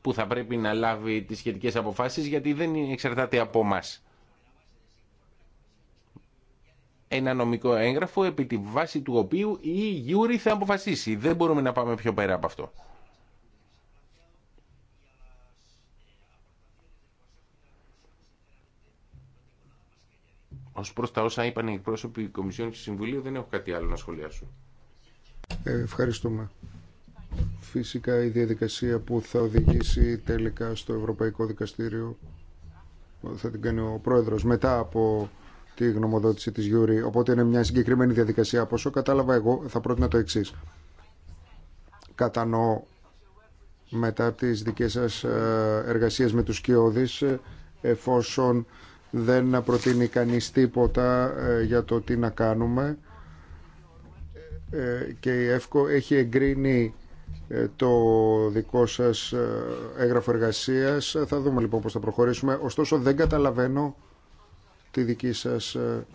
που θα πρέπει να λάβει τις σχετικές αποφάσεις γιατί δεν εξαρτάται από μας ένα νομικό έγγραφο επί τη βάση του οποίου η Γιούρη θα αποφασίσει. Δεν μπορούμε να πάμε πιο πέρα από αυτό. Ως προς τα όσα είπαν οι εκπρόσωποι Κομισιόν και Συμβουλίου δεν έχω κάτι άλλο να σχολιάσω. Ε, ευχαριστούμε. Φυσικά η διαδικασία που θα οδηγήσει τελικά στο Ευρωπαϊκό Δικαστήριο θα την κάνει ο Πρόεδρος μετά από τη γνωμοδότηση της Γιούρη. Οπότε είναι μια συγκεκριμένη διαδικασία. Από όσο κατάλαβα εγώ θα πρότεινα το εξή. Κατανοώ μετά τις δικές σας ε, εργασίες με τους Κιώδης ε, εφόσον δεν προτείνει κανείς τίποτα ε, για το τι να κάνουμε και η ΕΦΚΟ έχει εγκρίνει το δικό σας έγγραφο εργασίας. Θα δούμε λοιπόν πώς θα προχωρήσουμε. Ωστόσο δεν καταλαβαίνω τη δική σας ε,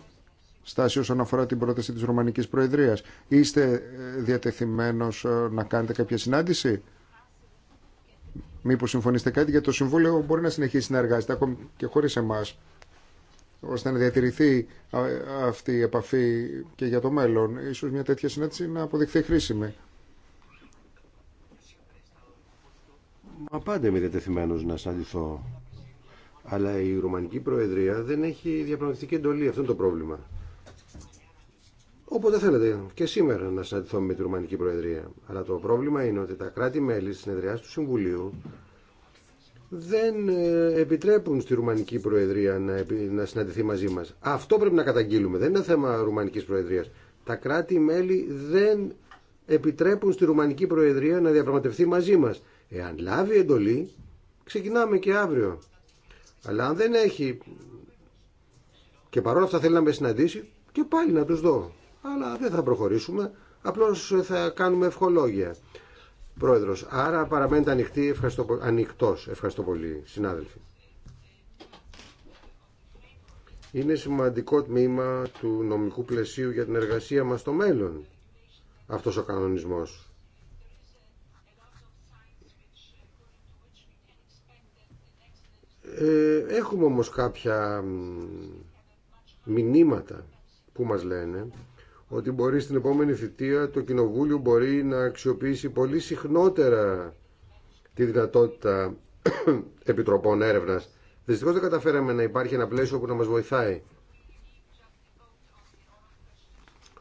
στάση όσον αφορά την πρόταση της Ρουμανικής Προεδρίας. Είστε ε, διατεθειμένος ε, να κάνετε κάποια συνάντηση. Μήπως συμφωνήσετε κάτι για το Συμβούλιο μπορεί να συνεχίσει να εργάζεται ακόμη και χωρίς εμάς ώστε να διατηρηθεί αυτή η επαφή και για το μέλλον. Ίσως μια τέτοια συνάντηση να αποδειχθεί χρήσιμη. Μα πάντα είμαι διατεθειμένος να συναντηθώ αλλά η Ρουμανική Προεδρία δεν έχει διαπραγματευτική εντολή. Αυτό είναι το πρόβλημα. Όποτε θέλετε και σήμερα να συναντηθούμε με τη Ρουμανική Προεδρία. Αλλά το πρόβλημα είναι ότι τα κράτη-μέλη της συνεδριά του Συμβουλίου δεν ε, επιτρέπουν στη Ρουμανική Προεδρία να, να συναντηθεί μαζί μα. Αυτό πρέπει να καταγγείλουμε. Δεν είναι θέμα Ρουμανική Προεδρία. Τα κράτη-μέλη δεν επιτρέπουν στη Ρουμανική Προεδρία να διαπραγματευτεί μαζί μα. Εάν λάβει εντολή, ξεκινάμε και αύριο. Αλλά αν δεν έχει και παρόλα αυτά θέλει να με συναντήσει και πάλι να τους δω. Αλλά δεν θα προχωρήσουμε, απλώς θα κάνουμε ευχολόγια. Πρόεδρος, άρα παραμένετε ανοιχτή, ευχαριστώ, ανοιχτός, ευχαριστώ πολύ, συνάδελφοι. Είναι σημαντικό τμήμα του νομικού πλαισίου για την εργασία μας στο μέλλον αυτός ο κανονισμός. Ε, έχουμε όμως κάποια μηνύματα που μας λένε ότι μπορεί στην επόμενη θητεία το Κοινοβούλιο μπορεί να αξιοποιήσει πολύ συχνότερα τη δυνατότητα επιτροπών έρευνας. Δυστυχώς δεν καταφέραμε να υπάρχει ένα πλαίσιο που να μας βοηθάει.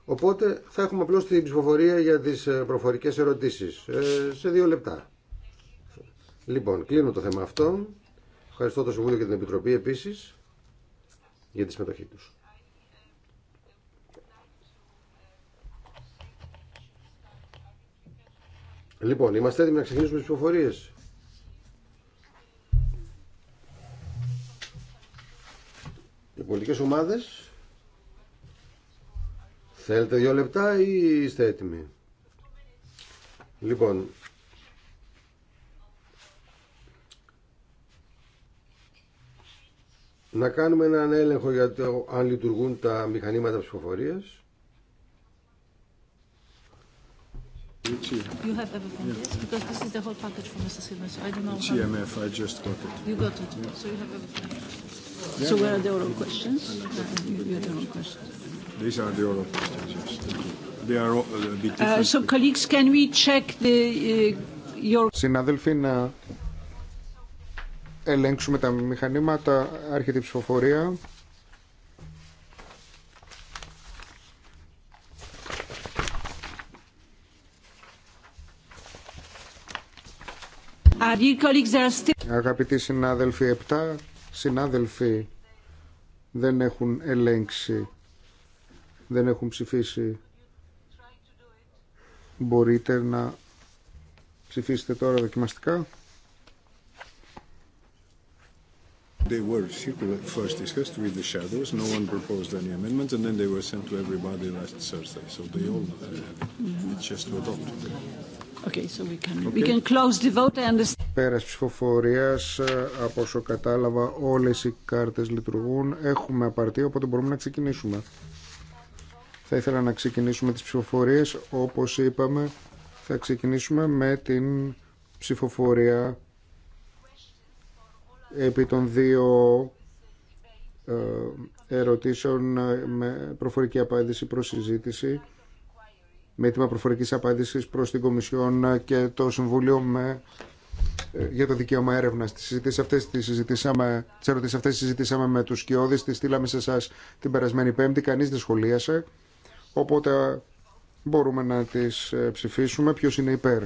Οπότε θα έχουμε απλώς την ψηφοφορία για τις ε, προφορικές ερωτήσεις. Ε, σε δύο λεπτά. Λοιπόν, κλείνω το θέμα αυτό. Ευχαριστώ το Συμβούλιο και την Επιτροπή επίσης για τη συμμετοχή τους. Λοιπόν, είμαστε έτοιμοι να ξεκινήσουμε τις ψηφοφορίες. Οι πολιτικές ομάδες θέλετε δύο λεπτά ή είστε έτοιμοι. Λοιπόν, να κάνουμε έναν έλεγχο για το αν λειτουργούν τα μηχανήματα ψηφοφορίας. You have everything, yes? Because this is the whole package for Mr. Silva, so I don't know. GMF, I just got it. You got it, so you have everything. So where are the oral questions? You have the oral questions. These are the oral questions, yes. They are a bit different. so colleagues, can we check the, your... Συναδελφοί, να ελέγξουμε τα μηχανήματα, άρχεται η ψηφοφορία. Αγαπητοί συνάδελφοι, 7 συνάδελφοι δεν έχουν ελέγξει, δεν έχουν ψηφίσει. Μπορείτε να ψηφίσετε τώρα δοκιμαστικά. They were first discussed with the shadows. No one proposed any amendments, and then they were sent to everybody last Thursday. So they all, uh, mm-hmm. it's just to adopt. Okay, so we can, okay. we can close the vote. I understand. Πέρας ψηφοφορίας, από όσο κατάλαβα, όλες οι κάρτες λειτουργούν. Έχουμε απαρτή, οπότε μπορούμε να ξεκινήσουμε. Θα ήθελα να ξεκινήσουμε τις ψηφοφορίες. Όπως είπαμε, θα ξεκινήσουμε με την ψηφοφορία επί των δύο ε, ερωτήσεων ε, με προφορική απάντηση προς συζήτηση με έτοιμα προφορικής απάντησης προς την Κομισιόν και το Συμβούλιο με, ε, για το δικαίωμα έρευνα. Τι συζητήσει αυτέ συζητήσαμε, ερωτήσει αυτέ συζητήσαμε με του Σκιώδη, τι στείλαμε σε εσά την περασμένη Πέμπτη. Κανεί δεν σχολίασε. Οπότε μπορούμε να τι ψηφίσουμε. Ποιο είναι υπέρ.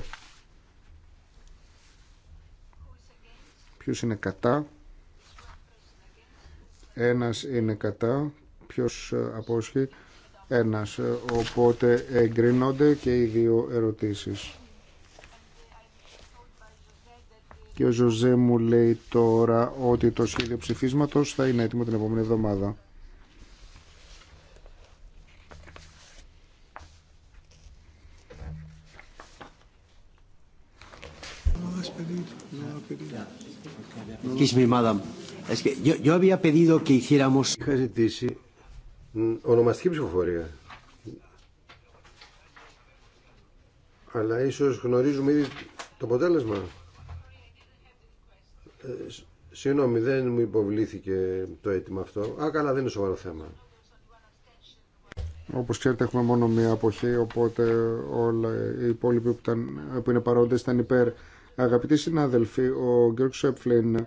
Ποιος είναι κατά. Ένας είναι κατά. Ποιος ε, απόσχει. Ένας. Ε, οπότε εγκρίνονται και οι δύο ερωτήσεις. Και ο Ζωζέ μου λέει τώρα ότι το σχέδιο ψηφίσματος θα είναι έτοιμο την επόμενη εβδομάδα. Είχα ζητήσει ονομαστική ψηφοφορία. Αλλά ίσω γνωρίζουμε ήδη το αποτέλεσμα. Ε, συγγνώμη, δεν μου υποβλήθηκε το αίτημα αυτό. Α, καλά, δεν είναι σοβαρό θέμα. Όπω ξέρετε έχουμε μόνο μία αποχή, οπότε όλα οι υπόλοιποι που, ήταν, που είναι παρόντες ήταν υπέρ. Αγαπητοί συνάδελφοι, ο Γκέρκ Σέπφλιν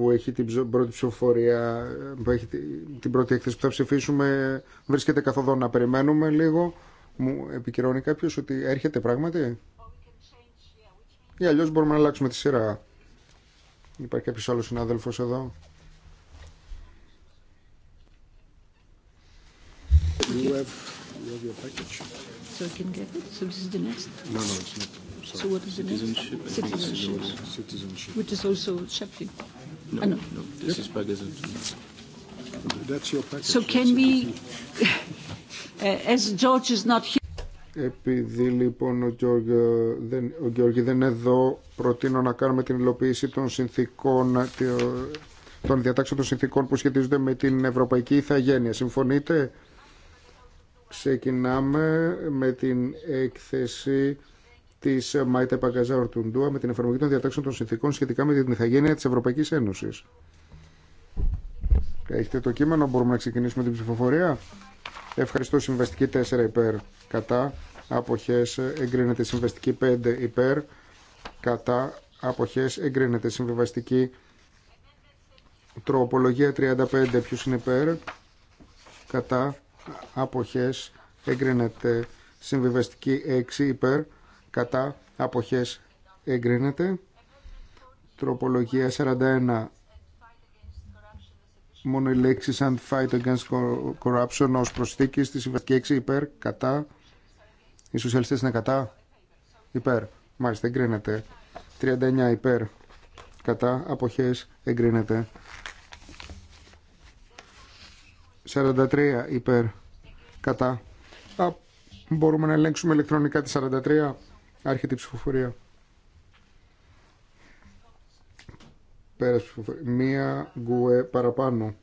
που έχει την πρώτη ψηφοφορία, που έχει την πρώτη έκθεση που θα ψηφίσουμε, βρίσκεται καθοδόν να περιμένουμε λίγο. Μου επικυρώνει κάποιο ότι έρχεται πράγματι. Ή αλλιώ μπορούμε να αλλάξουμε τη σειρά. Υπάρχει κάποιο άλλο συνάδελφο εδώ. Uh, Επειδή λοιπόν ο Γιώργη, ε, δεν, ο δεν είναι εδώ, προτείνω να κάνουμε την υλοποίηση των συνθήκων, των διατάξεων των συνθήκων που σχετίζονται με την Ευρωπαϊκή Ιθαγένεια. Συμφωνείτε? Ξεκινάμε με την έκθεση τη Μάιτα Παγκαζά Ορτουντούα με την εφαρμογή των διατάξεων των συνθήκων σχετικά με την ηθαγένεια τη Ευρωπαϊκή Ένωση. Έχετε το κείμενο, μπορούμε να ξεκινήσουμε την ψηφοφορία. Ευχαριστώ. Συμβαστική 4 υπέρ κατά. Αποχέ εγκρίνεται. Συμβαστική 5 υπέρ κατά. Αποχέ εγκρίνεται. Συμβιβαστική τροπολογία 35. Ποιο είναι υπέρ κατά. Αποχέ εγκρίνεται. Συμβιβαστική 6 υπέρ κατά αποχές εγκρίνεται τροπολογία 41 μόνο οι and fight against corruption ως προσθήκη στη συμβατική 6 υπέρ κατά οι σοσιαλιστέ είναι κατά υπέρ μάλιστα εγκρίνεται 39 υπέρ κατά αποχές εγκρίνεται 43 υπέρ κατά Α, μπορούμε να ελέγξουμε ηλεκτρονικά τη 43 Άρχεται η ψηφοφορία. Πέρας Μία γκουε παραπάνω.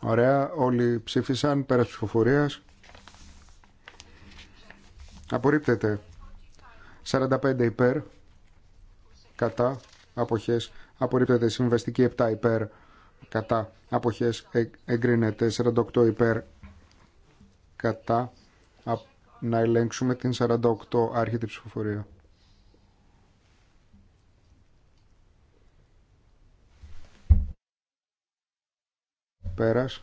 Ωραία, όλοι ψήφισαν πέρα ψηφοφορία. Απορρίπτεται. 45 υπέρ. Κατά. Αποχές. Απορρίπτεται. Συμβαστική 7 υπέρ κατά αποχές ε, εγκρίνεται 48 υπέρ κατά να ελέγξουμε την 48 Άρχιτη ψηφοφορία πέρας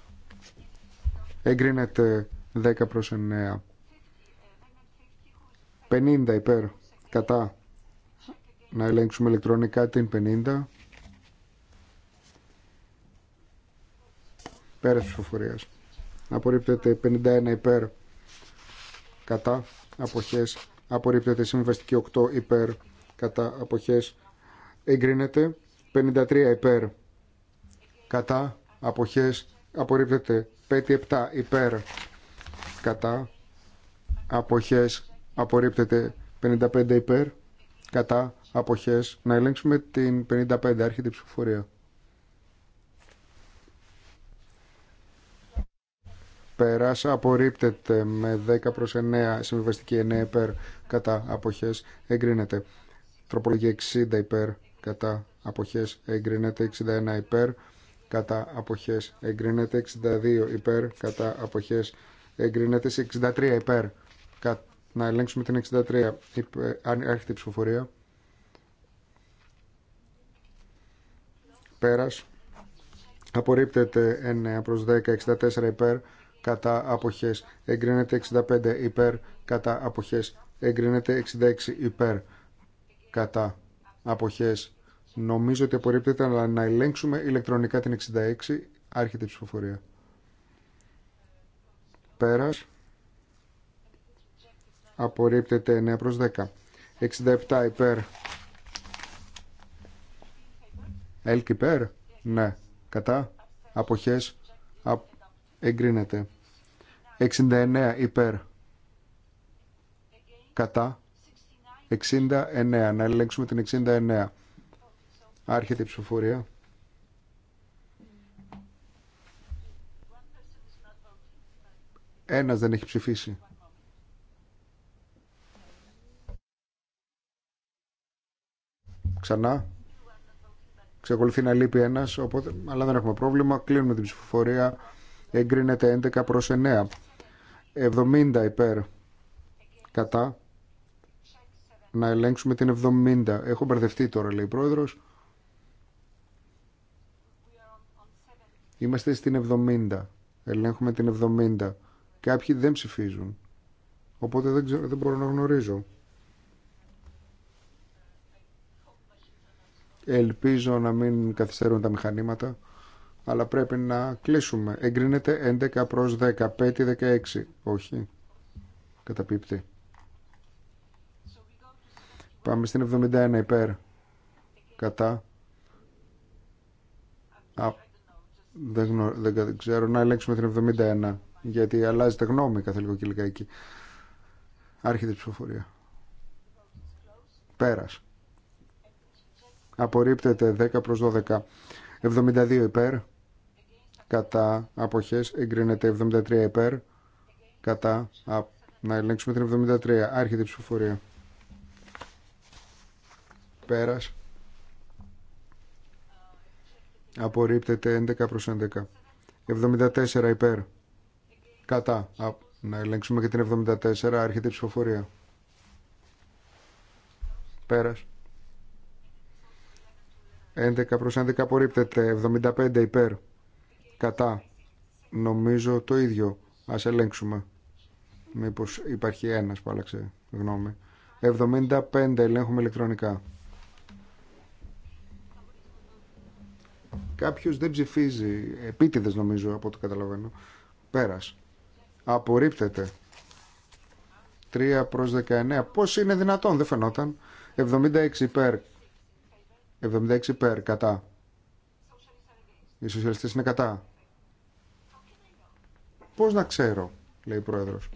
εγκρίνεται 10 προς 9 50 υπέρ κατά να ελέγξουμε ηλεκτρονικά την 50 Πέρα τη ψηφοφορία. Απορρίπτεται 51 υπέρ. Κατά αποχέ. Απορρίπτεται συμβαστική 8 υπέρ. Κατά αποχέ. Εγκρίνεται 53 υπέρ. Κατά αποχέ. Απορρίπτεται 57 υπέρ. Κατά αποχέ. Απορρίπτεται 55 υπέρ. Κατά αποχέ. Να ελέγξουμε την 55. Άρχεται ψηφοφορία. πέρας απορρίπτεται με 10 προς 9 συμβιβαστική 9 υπέρ κατά αποχές εγκρίνεται τροπολογία 60 υπέρ κατά αποχές εγκρίνεται 61 υπέρ κατά αποχές εγκρίνεται 62 υπέρ κατά αποχές εγκρίνεται 63 υπέρ να ελέγξουμε την 63 υπέρ, αν έρχεται η ψηφοφορία πέρας απορρίπτεται 9 προς 10 64 υπέρ κατά αποχές εγκρίνεται 65 υπέρ κατά αποχές εγκρίνεται 66 υπέρ κατά αποχές νομίζω ότι απορρίπτεται αλλά να ελέγξουμε ηλεκτρονικά την 66 άρχεται η ψηφοφορία πέρας απορρίπτεται 9 προς 10 67 υπέρ Ελκ υπέρ ναι κατά αποχές εγκρίνεται 69 υπέρ. Κατά. 69. Να ελέγξουμε την 69. Άρχεται η ψηφοφορία. Ένας δεν έχει ψηφίσει. Ξανά. Ξεκολουθεί να λείπει ένας, οπότε, αλλά δεν έχουμε πρόβλημα. Κλείνουμε την ψηφοφορία εγκρίνεται 11 προς 9 70 υπέρ κατά να ελέγξουμε την 70 έχω μπερδευτεί τώρα λέει η πρόεδρος είμαστε στην 70 ελέγχουμε την 70 κάποιοι δεν ψηφίζουν οπότε δεν, ξέρω, δεν μπορώ να γνωρίζω ελπίζω να μην καθυστερούν τα μηχανήματα αλλά πρέπει να κλείσουμε. Εγκρίνεται 11 προς 10, 5, 16, όχι, καταπίπτει. Πάμε στην 71 υπέρ, κατά. Α, δεν, δεν ξέρω να ελέγξουμε την 71, γιατί αλλάζεται γνώμη κάθε λίγο και εκεί. Άρχεται η ψηφοφορία. Πέρας. Απορρίπτεται 10 προς 12. 72 υπέρ κατά αποχές εγκρίνεται 73 υπέρ κατά να ελέγξουμε την 73 άρχεται η ψηφοφορία πέρας απορρίπτεται 11 προς 11 74 υπέρ κατά να ελέγξουμε και την 74 άρχεται η ψηφοφορία πέρας 11 προς 11 απορρίπτεται 75 υπέρ κατά νομίζω το ίδιο ας ελέγξουμε μήπως υπάρχει ένας που άλλαξε γνώμη 75 ελέγχουμε ηλεκτρονικά κάποιος δεν ψηφίζει επίτηδες νομίζω από ό,τι καταλαβαίνω πέρας απορρίπτεται 3 προς 19 πως είναι δυνατόν δεν φαινόταν 76 υπέρ 76 υπέρ κατά οι σοσιαλιστές είναι κατά. Πώς να ξέρω, λέει ο πρόεδρος.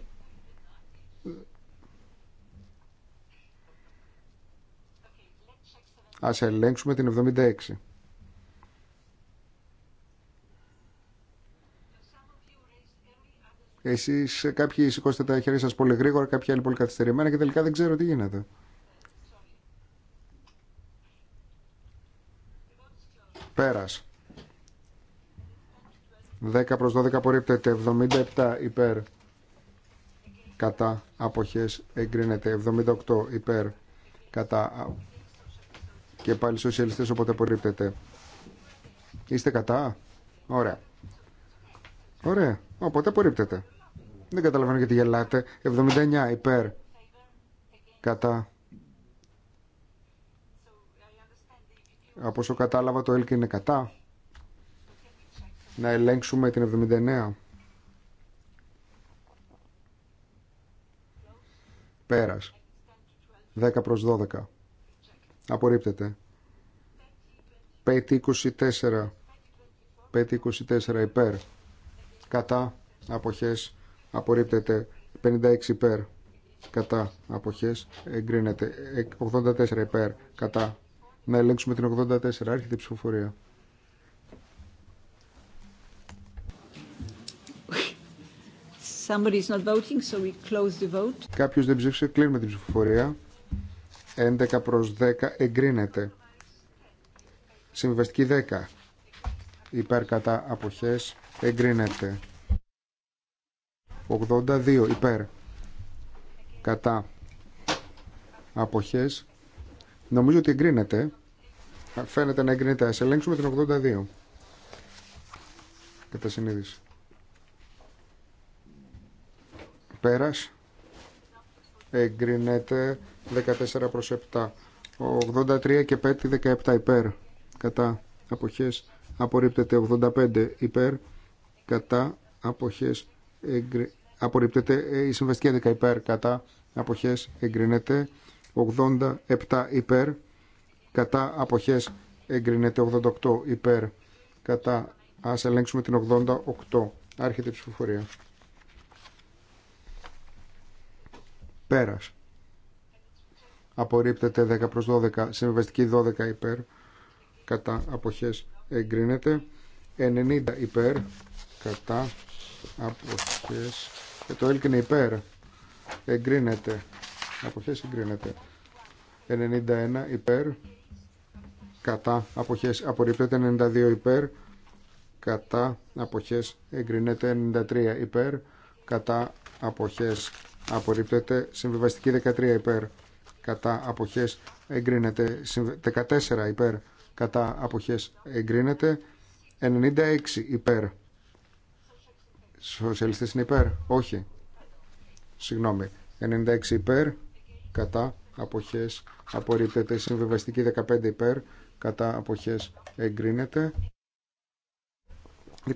Ας ελέγξουμε την 76. Εσείς ε, κάποιοι σηκώστε τα χέρια σας πολύ γρήγορα, κάποιοι άλλοι πολύ καθυστερημένα και τελικά δεν ξέρω τι γίνεται. Πέρας. 10 προς 12 απορρίπτεται 77 υπέρ κατά αποχές εγκρίνεται 78 υπέρ κατά και πάλι σοσιαλιστές οπότε απορρίπτεται είστε κατά ωραία ωραία οπότε απορρίπτεται δεν καταλαβαίνω γιατί γελάτε 79 υπέρ κατά από όσο κατάλαβα το ΕΛΚ είναι κατά να ελέγξουμε την 79. Πέρας. 10 προς 12. Απορρίπτεται. 5-24. 5-24 υπέρ. Κατά. Αποχές. Απορρίπτεται. 56 υπέρ. Κατά. Αποχές. Εγκρίνεται. 84 υπέρ. Κατά. Να ελέγξουμε την 84. Άρχεται η ψηφοφορία. Κάποιος δεν ψήφισε, κλείνουμε την ψηφοφορία. 11 προς 10 εγκρίνεται. Συμβιβαστική 10. Υπέρ κατά αποχές εγκρίνεται. 82 υπέρ κατά αποχές. Νομίζω ότι εγκρίνεται. Φαίνεται να εγκρίνεται. Ας ελέγξουμε την 82. Κατά συνείδηση. Πέρας. Εγκρίνεται 14 προς 7. 83 και 5 17 υπέρ. Κατά αποχές απορρίπτεται 85 υπέρ. Κατά αποχές εγκρι... απορρίπτεται ε, η συμβαστική 11 υπέρ. Κατά αποχές εγκρίνεται 87 υπέρ. Κατά αποχές εγκρίνεται 88 υπέρ. Κατά ας ελέγξουμε την 88. Άρχεται η ψηφοφορία. Πέρας. Απορρίπτεται 10 προς 12. Συμβεβαστική 12 υπέρ. Κατά αποχές εγκρίνεται. 90 υπέρ. Κατά αποχές. Και ε, το έλκυνε υπέρ. Εγκρίνεται. Αποχές εγκρίνεται. 91 υπέρ. Κατά αποχές απορρίπτεται. 92 υπέρ. Κατά αποχές εγκρίνεται. 93 υπέρ. Κατά αποχές απορρίπτεται. Συμβιβαστική 13 υπέρ κατά αποχές εγκρίνεται. 14 υπέρ κατά αποχές εγκρίνεται. 96 υπέρ. Σοσιαλιστέ είναι υπέρ. Όχι. Συγγνώμη. 96 υπέρ κατά αποχές απορρίπτεται. Συμβιβαστική 15 υπέρ κατά αποχές εγκρίνεται.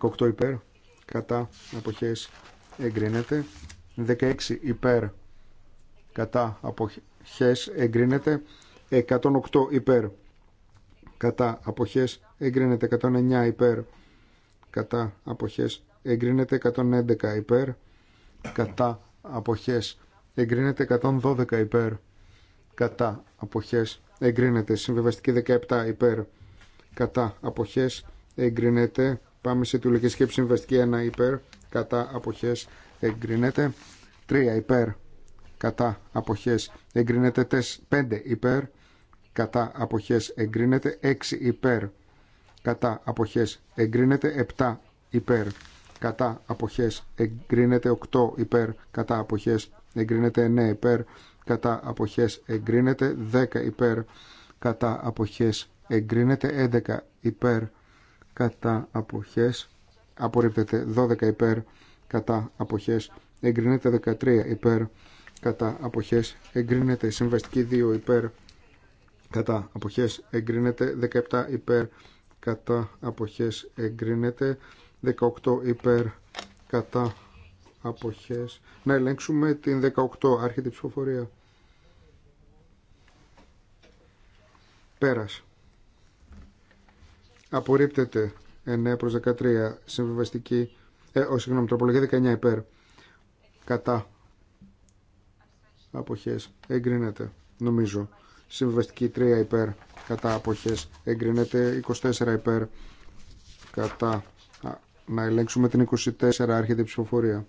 18 υπέρ κατά αποχές εγκρίνεται 16 υπέρ κατά αποχές εγκρίνεται 108 υπέρ κατά αποχές εγκρίνεται 109 υπέρ κατά αποχές εγκρίνεται 111 υπέρ κατά αποχές εγκρίνεται 112 υπέρ κατά αποχές εγκρίνεται συμβιβαστική 17 υπέρ κατά αποχές εγκρίνεται πάμε σε τουλική σκέψη συμβιβαστική 1 υπέρ κατά αποχές εγκρίνεται 3 υπέρ κατά αποχές εγκρίνεται 5 υπέρ κατά αποχές εγκρίνεται 6 υπέρ κατά αποχές εγκρίνεται 7 υπέρ κατά αποχές εγκρίνεται 8 υπέρ κατά αποχές εγκρίνεται 9 υπέρ κατά αποχές εγκρίνεται 10 υπέρ κατά αποχές εγκρίνεται 11 υπέρ κατά αποχές απορρίπτεται 12 υπέρ κατά αποχές εγκρίνεται 13 υπέρ κατά αποχές εγκρίνεται συμβαστική 2 υπέρ κατά αποχές εγκρίνεται 17 υπέρ κατά αποχές εγκρίνεται 18 υπέρ κατά αποχές να ελέγξουμε την 18 άρχεται η ψηφοφορία πέρας απορρίπτεται 9 προς 13 συμβιβαστική ε, ο, συγγνώμη, τροπολογία 19 υπέρ. Κατά. Αποχές. Εγκρίνεται. Νομίζω. Συμβιβαστική 3 υπέρ. Κατά αποχές. Εγκρίνεται 24 υπέρ. Κατά. Να ελέγξουμε την 24. Άρχεται η ψηφοφορία.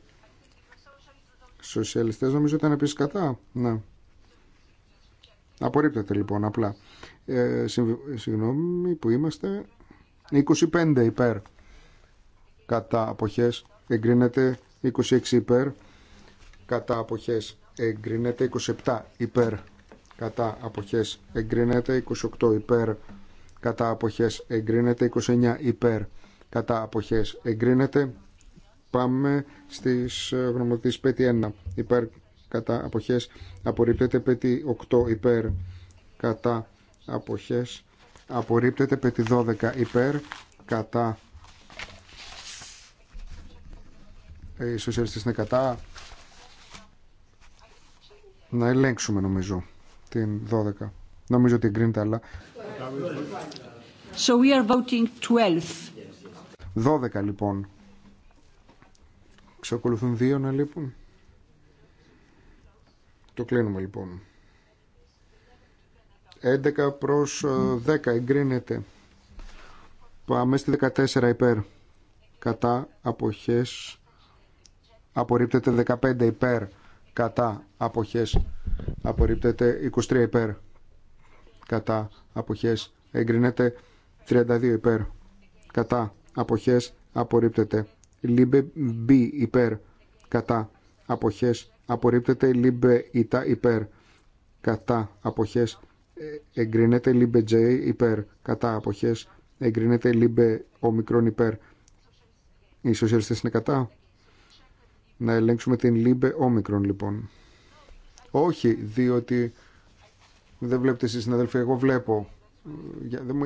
Σοσιαλιστές νομίζω ήταν επίσης κατά. Ναι. Απορρίπτεται λοιπόν απλά. Ε, συγγνώμη που είμαστε. 25 υπέρ κατά αποχές εγκρίνεται 26 υπέρ κατά αποχές εγκρίνεται 27 υπέρ κατά αποχές εγκρίνεται 28 υπέρ κατά αποχές εγκρίνεται 29 υπέρ κατά αποχές εγκρίνεται πάμε στις ε, γνωμοδοτήσεις πέτη 1 υπέρ κατά αποχές απορρίπτεται πέτη 8 υπέρ κατά αποχές απορρίπτεται πέτη 12 υπέρ κατά Ε, οι σοσιαλιστές είναι κατά. Να ελέγξουμε νομίζω την 12. Νομίζω ότι εγκρίνεται αλλά... So we are voting 12. 12 λοιπόν. Ξεκολουθούν δύο να λείπουν. Το κλείνουμε λοιπόν. 11 προς 10 ε, εγκρίνεται. Πάμε στη 14 υπέρ. Κατά αποχές απορρίπτεται 15 υπέρ κατά αποχές απορρίπτεται 23 υπέρ κατά αποχές εγκρίνεται 32 υπέρ κατά αποχές απορρίπτεται λίμπε B υπέρ κατά αποχές απορρίπτεται λίμπε ΙΤΑ υπέρ κατά αποχές ε, εγκρίνεται λίμπε J υπέρ κατά αποχές εγκρίνεται λίμπε ομικρόν υπέρ οι σοσιαλιστές είναι κατά να ελέγξουμε την λίμπε όμικρον λοιπόν. Όχι, διότι δεν βλέπετε εσείς συναδελφοί, εγώ βλέπω.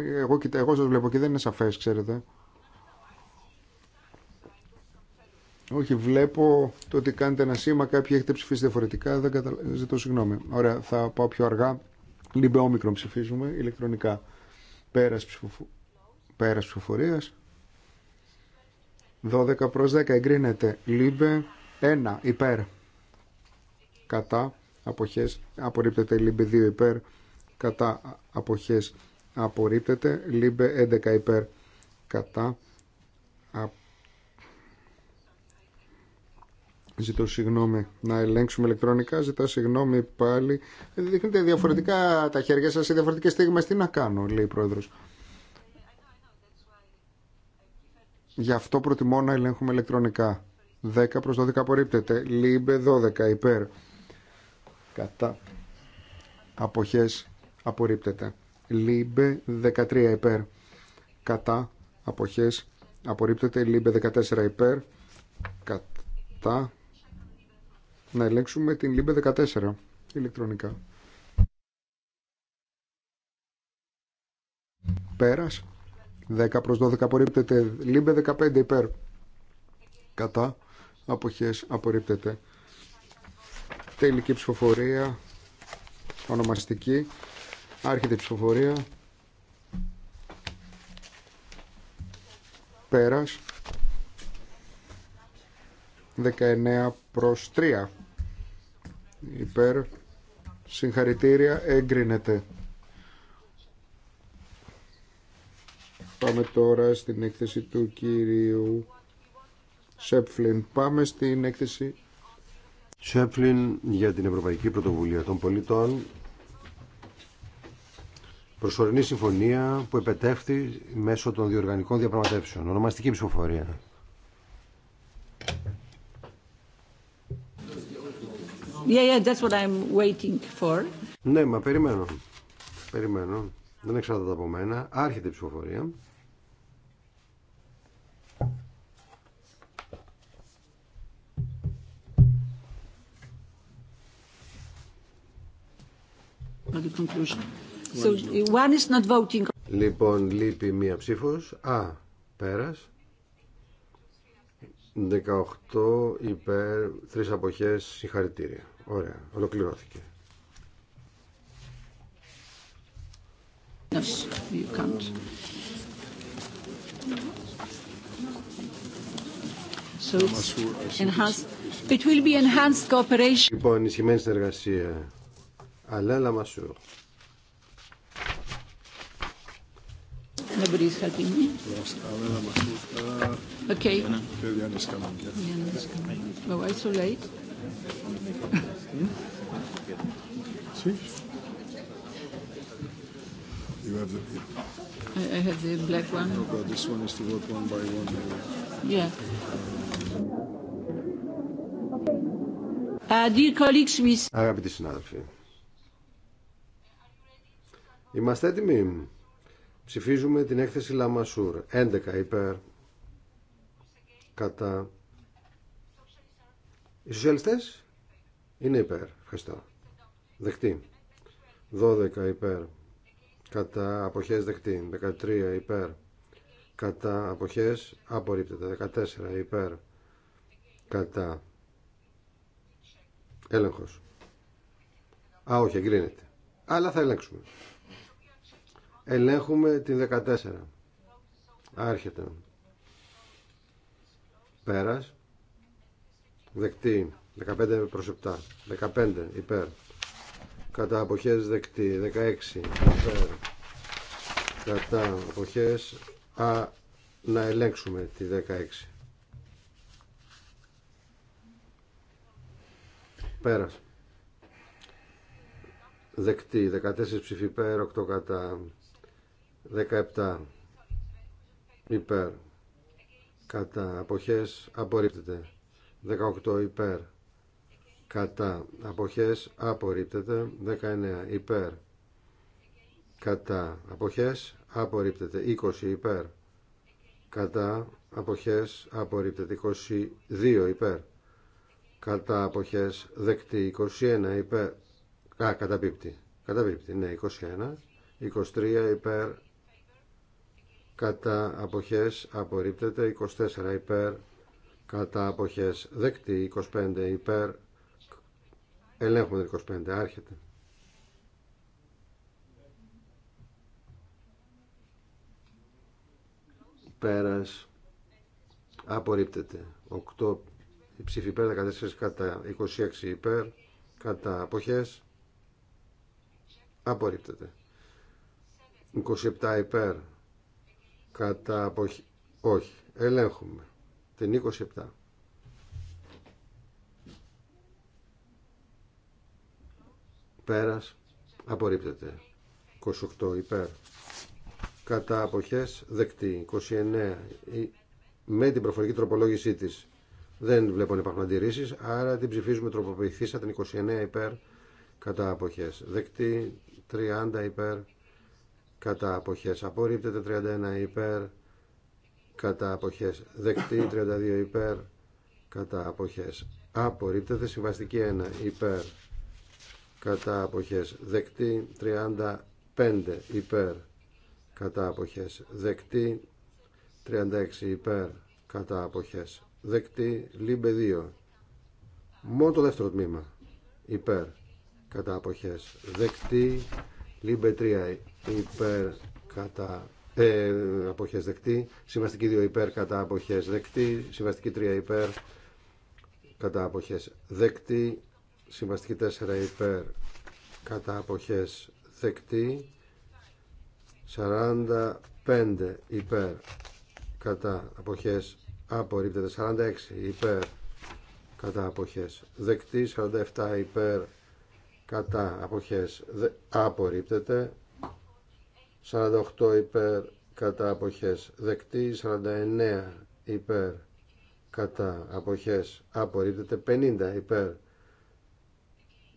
Εγώ, κοιτά, εγώ σας βλέπω και δεν είναι σαφές, ξέρετε. Όχι, βλέπω το ότι κάνετε ένα σήμα, κάποιοι έχετε ψηφίσει διαφορετικά, δεν ζητώ συγγνώμη. Ωραία, θα πάω πιο αργά. Λίμπε όμικρον ψηφίζουμε ηλεκτρονικά. Πέρας, ψηφοφο... Πέρας ψηφοφορίας. 12 προς 10 εγκρίνεται. Λίμπε ένα υπέρ κατά αποχές απορρίπτεται λίμπε 2 υπέρ κατά αποχές απορρίπτεται λίμπε 11 υπέρ κατά α... Ζητώ συγγνώμη να ελέγξουμε ηλεκτρονικά. Ζητά συγγνώμη πάλι. Δείχνετε διαφορετικά τα χέρια σας σε διαφορετικές στιγμές. Τι να κάνω, λέει η πρόεδρος. Γι' αυτό προτιμώ να ελέγχουμε ηλεκτρονικά. 10 προς 12 απορρίπτεται. Λίμπε 12 υπέρ. Κατά. Αποχές απορρίπτεται. Λίμπε 13 υπέρ. Κατά. Αποχές απορρίπτεται. Λίμπε 14 υπέρ. Κατά. Να ελέγξουμε την Λίμπε 14 ηλεκτρονικά. Πέρας. 10 προς 12 απορρίπτεται. Λίμπε 15 υπέρ. Κατά αποχές απορρίπτεται τελική ψηφοφορία ονομαστική άρχεται η ψηφοφορία πέρας 19 προς 3 υπέρ συγχαρητήρια εγκρίνεται Πάμε τώρα στην έκθεση του κυρίου Σέπφλιν. Πάμε στην έκθεση. Σέπφλιν για την Ευρωπαϊκή Πρωτοβουλία των Πολιτών. Προσωρινή συμφωνία που επετεύχθη μέσω των διοργανικών διαπραγματεύσεων. Ονομαστική ψηφοφορία. Yeah, yeah, that's what I'm waiting for. Ναι, μα περιμένω. Περιμένω. Δεν εξαρτάται από μένα. Άρχεται η ψηφοφορία. So, one is not voting. Λοιπόν, λείπει μία ψήφος. Α, πέρας. 18 υπέρ, τρεις αποχές, συγχαρητήρια. Ωραία, ολοκληρώθηκε. You can't. So it's enhanced. It will be enhanced cooperation. Λοιπόν, ενισχυμένη συνεργασία. Αλλά λαμασού. Μα Α Αγαπητοί συνάδελφοι. Είμαστε έτοιμοι. Ψηφίζουμε την έκθεση Λαμασούρ. 11 υπέρ. Κατά. Οι σοσιαλιστές είναι υπέρ. Ευχαριστώ. Δεκτή. 12 υπέρ. Κατά αποχές δεκτή. 13 υπέρ. Κατά αποχές απορρίπτεται. 14 υπέρ. Κατά. Έλεγχος. Α, όχι, εγκρίνεται. Αλλά θα ελέγξουμε. Ελέγχουμε την 14. Άρχεται. Πέρας. Δεκτή. 15 προς 7. 15 υπέρ. Κατά αποχές δεκτή. 16 υπέρ. Κατά αποχές. Α, να ελέγξουμε τη 16. Πέρας. Δεκτή. 14 ψηφί υπέρ. 8 κατά. 17 υπέρ κατά αποχές απορρίπτεται 18 υπέρ κατά αποχές απορρίπτεται 19 υπέρ κατά αποχές απορρίπτεται 20 υπέρ κατά αποχές απορρίπτεται 22 υπέρ κατά αποχές δεκτή 21 υπέρ α, καταπίπτει, καταπίπτει ναι 21 23 υπέρ κατά αποχές απορρίπτεται 24 υπέρ κατά αποχές δεκτή 25 υπέρ ελέγχουμε 25 άρχεται πέρας απορρίπτεται 8 ψήφι υπέρ 14 κατά 26 υπέρ κατά αποχές απορρίπτεται 27 υπέρ Κατά αποχή. Όχι. Ελέγχουμε. Την 27. Πέρας. Απορρίπτεται. 28 υπέρ. Κατά αποχές δεκτή. 29 με την προφορική τροπολόγησή της. Δεν βλέπω να υπάρχουν αντιρρήσει, άρα την ψηφίζουμε τροποποιηθήσα την 29 υπέρ κατά αποχές. Δεκτή 30 υπέρ κατά αποχές απορρίπτεται 31 υπέρ κατά αποχές δεκτή 32 υπέρ κατά αποχές απορρίπτεται συμβαστική 1 υπέρ κατά αποχές δεκτή 35 υπέρ κατά αποχές δεκτή 36 υπέρ κατά αποχές δεκτή λίμπε 2 μόνο το δεύτερο τμήμα υπέρ κατά αποχές δεκτή Λίμπε 3 υπέρ κατά ε, αποχές δεκτή. Συμβαστική 2 υπέρ κατά αποχές δεκτή. Συμβαστική 3 υπέρ κατά αποχές δεκτή. Συμβαστική 4 υπέρ κατά αποχές δεκτή. 45 υπέρ κατά αποχές απορρίπτεται. 46 υπέρ κατά αποχές δεκτή. 47 υπέρ κατά αποχές απορρίπτεται 48 υπέρ κατά αποχές δεκτή 49 υπέρ κατά αποχές απορρίπτεται 50 υπέρ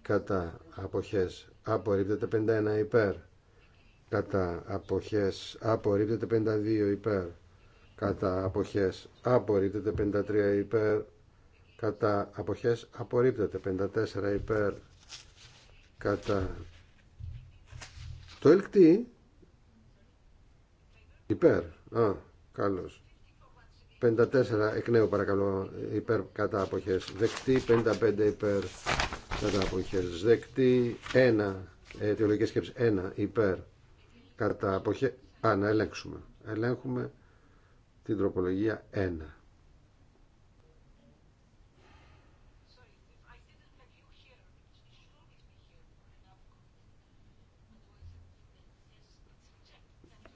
κατά αποχές απορρίπτεται 51 υπέρ κατά αποχές απορρίπτεται 52 υπέρ κατά αποχές απορρίπτεται 53 υπέρ κατά αποχές απορρίπτεται 54 υπέρ κατά το ελκτή υπέρ α καλώς 54 εκ νέου παρακαλώ υπέρ κατά αποχές δεκτή 55 υπέρ κατά αποχές δεκτή 1 αιτιολογικές σκέψη... 1 υπέρ κατά αποχές α να ελέγξουμε ελέγχουμε την τροπολογία 1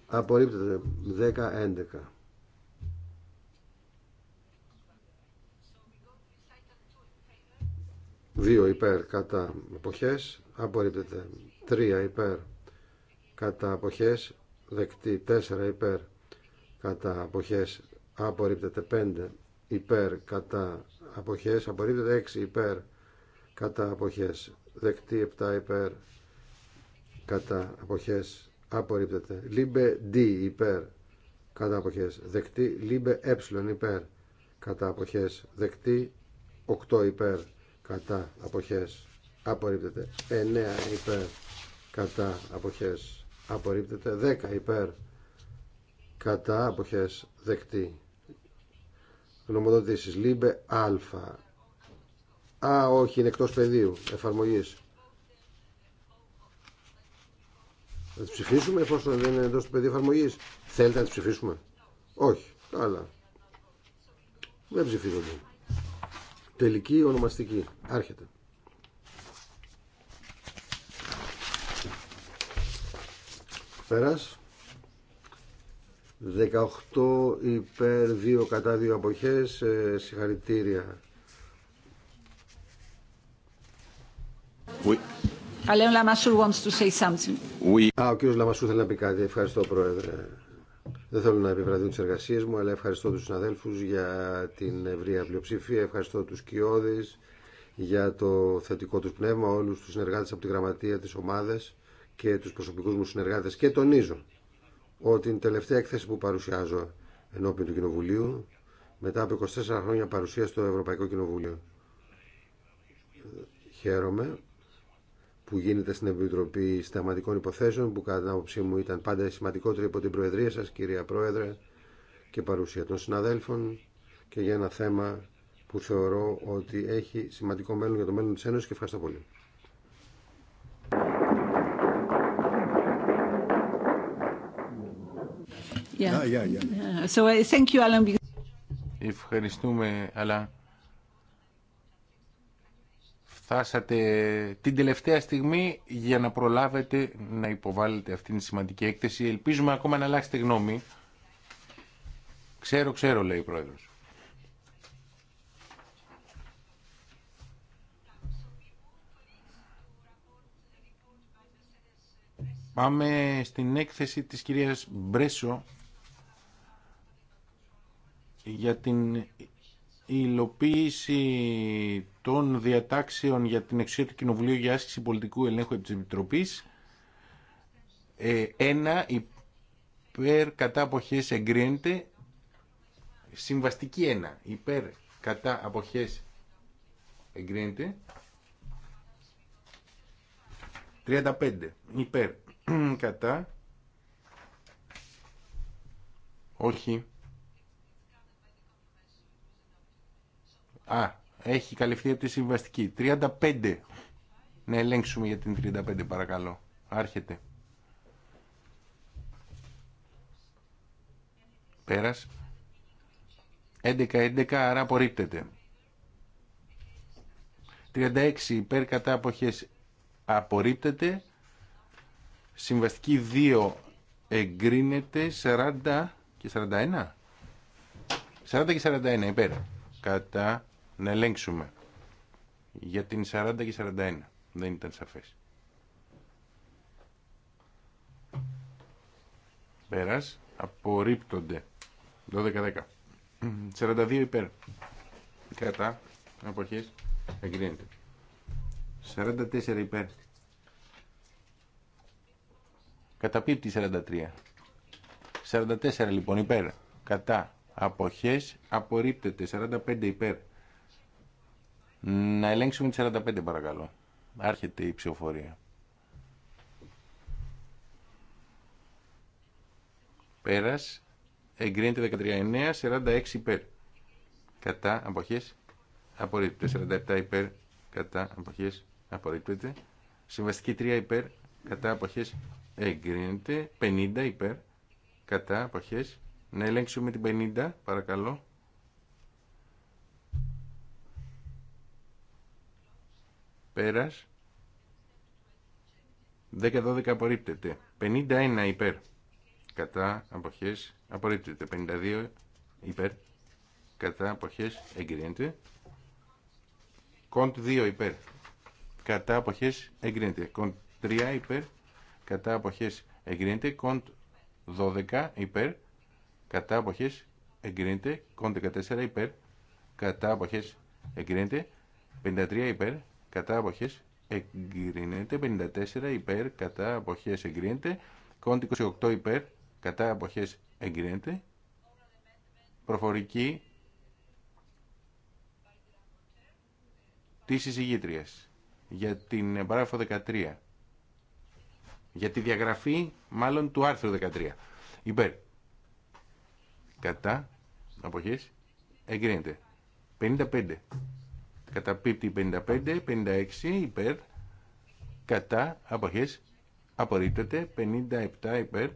Απορρίπτεται 10-11. 2 υπέρ κατά αποχέ. 3 υπέρ κατά αποχέ. δεκτή, 4 υπέρ κατά αποχέ. Απορρίπτεται 5 υπέρ κατά αποχέ. Απορρίπτεται 6 υπέρ κατά αποχέ. δεκτή, 7 υπέρ κατά αποχέ απορρίπτεται. Λίμπε D υπέρ κατά αποχές δεκτή. Λίμπε ε υπέρ κατά αποχές δεκτή. 8 υπέρ κατά αποχές απορρίπτεται. 9 υπέρ κατά αποχές απορρίπτεται. 10 υπέρ κατά αποχές δεκτή. Γνωμοδοτήσεις. Λίμπε α. Α, όχι, είναι εκτός πεδίου εφαρμογής. Θα τι ψηφίσουμε εφόσον δεν είναι εντό του πεδίου εφαρμογή. Θέλετε να τι ψηφίσουμε. Όχι. Καλά. Δεν ψηφίζονται. Τελική ονομαστική. Άρχεται. Πέρας. 18 υπέρ 2 κατά 2 αποχές. Ε, συγχαρητήρια. Α, ο κύριος Λαμασού θέλει να πει κάτι. Ευχαριστώ, Πρόεδρε. Δεν θέλω να επιβραδύνω τις εργασίες μου, αλλά ευχαριστώ τους συναδέλφους για την ευρία πλειοψηφία. Ευχαριστώ τους Κιώδης για το θετικό τους πνεύμα, όλους τους συνεργάτες από τη γραμματεία, τις ομάδες και τους προσωπικούς μου συνεργάτες. Και τονίζω ότι την τελευταία έκθεση που παρουσιάζω ενώπιον του Κοινοβουλίου, μετά από 24 χρόνια παρουσία στο Ευρωπαϊκό Κοινοβούλιο, χαίρομαι που γίνεται στην Επιτροπή Σταματικών Υποθέσεων, που κατά την άποψή μου ήταν πάντα σημαντικότερη από την Προεδρία σας, κυρία Πρόεδρε, και παρουσία των συναδέλφων, και για ένα θέμα που θεωρώ ότι έχει σημαντικό μέλλον για το μέλλον της Ένωσης και ευχαριστώ πολύ. Yeah. Yeah, thank you, Alan. Ευχαριστούμε, αλλά φτάσατε την τελευταία στιγμή για να προλάβετε να υποβάλλετε αυτήν τη σημαντική έκθεση. Ελπίζουμε ακόμα να αλλάξετε γνώμη. Ξέρω, ξέρω, λέει η Πρόεδρος. Πάμε στην έκθεση της κυρίας Μπρέσο για την υλοποίηση των διατάξεων για την εξουσία του Κοινοβουλίου για άσκηση πολιτικού ελέγχου της Επιτροπής. Ε, ένα, υπέρ κατά αποχές εγκρίνεται. Συμβαστική 1. Υπέρ κατά αποχές εγκρίνεται. 35. Υπέρ κατά. Όχι. Α, έχει καλυφθεί από τη συμβαστική. 35. Να ελέγξουμε για την 35 παρακαλώ. Άρχεται. Πέρας. 11-11 άρα απορρίπτεται. 36 υπέρ κατά αποχές απορρίπτεται. Συμβαστική 2 εγκρίνεται. 40 και 41. 40 και 41 υπέρ. Κατά να ελέγξουμε για την 40 και 41. Δεν ήταν σαφές. Πέρας, απορρίπτονται. 12-10. 42 υπέρ. Κατά, αποχές, εγκρίνεται. 44 υπέρ. Καταπίπτει 43. 44 λοιπόν υπέρ. Κατά, αποχές, απορρίπτεται. 45 υπέρ να ελέγξουμε τις 45 παρακαλώ. Άρχεται η ψηφοφορία. Πέρας. Εγκρίνεται 13-9, 46 υπέρ. Κατά αποχές. Απορρίπτεται 47 υπέρ. Κατά αποχές. Απορρίπτεται. Συμβαστική 3 υπέρ. Κατά αποχές. Εγκρίνεται 50 υπέρ. Κατά αποχές. Να ελέγξουμε την 50 παρακαλώ. Πέρας. 10-12 απορρίπτεται. 51 υπέρ. Κατά αποχές απορρίπτεται. 52 υπέρ. Κατά αποχές εγκρίνεται. Κοντ 2 υπέρ. Κατά αποχές εγκρίνεται. Κοντ 3 υπέρ. Κατά αποχές εγκρίνεται. Κοντ 12 υπέρ. Κατά αποχές εγκρίνεται. Κοντ 14 υπέρ. Κατά αποχές εγκρίνεται. 53 υπέρ κατά αποχές εγκρίνεται 54 υπέρ κατά αποχές εγκρίνεται κόντι 28 υπέρ κατά αποχές εγκρίνεται προφορική της συζυγήτριας για την παράγραφο 13 για τη διαγραφή μάλλον του άρθρου 13 υπέρ κατά αποχές εγκρίνεται 55 καταπίπτει 55, 56 υπέρ, κατά αποχές απορρίπτεται, 57 υπέρ,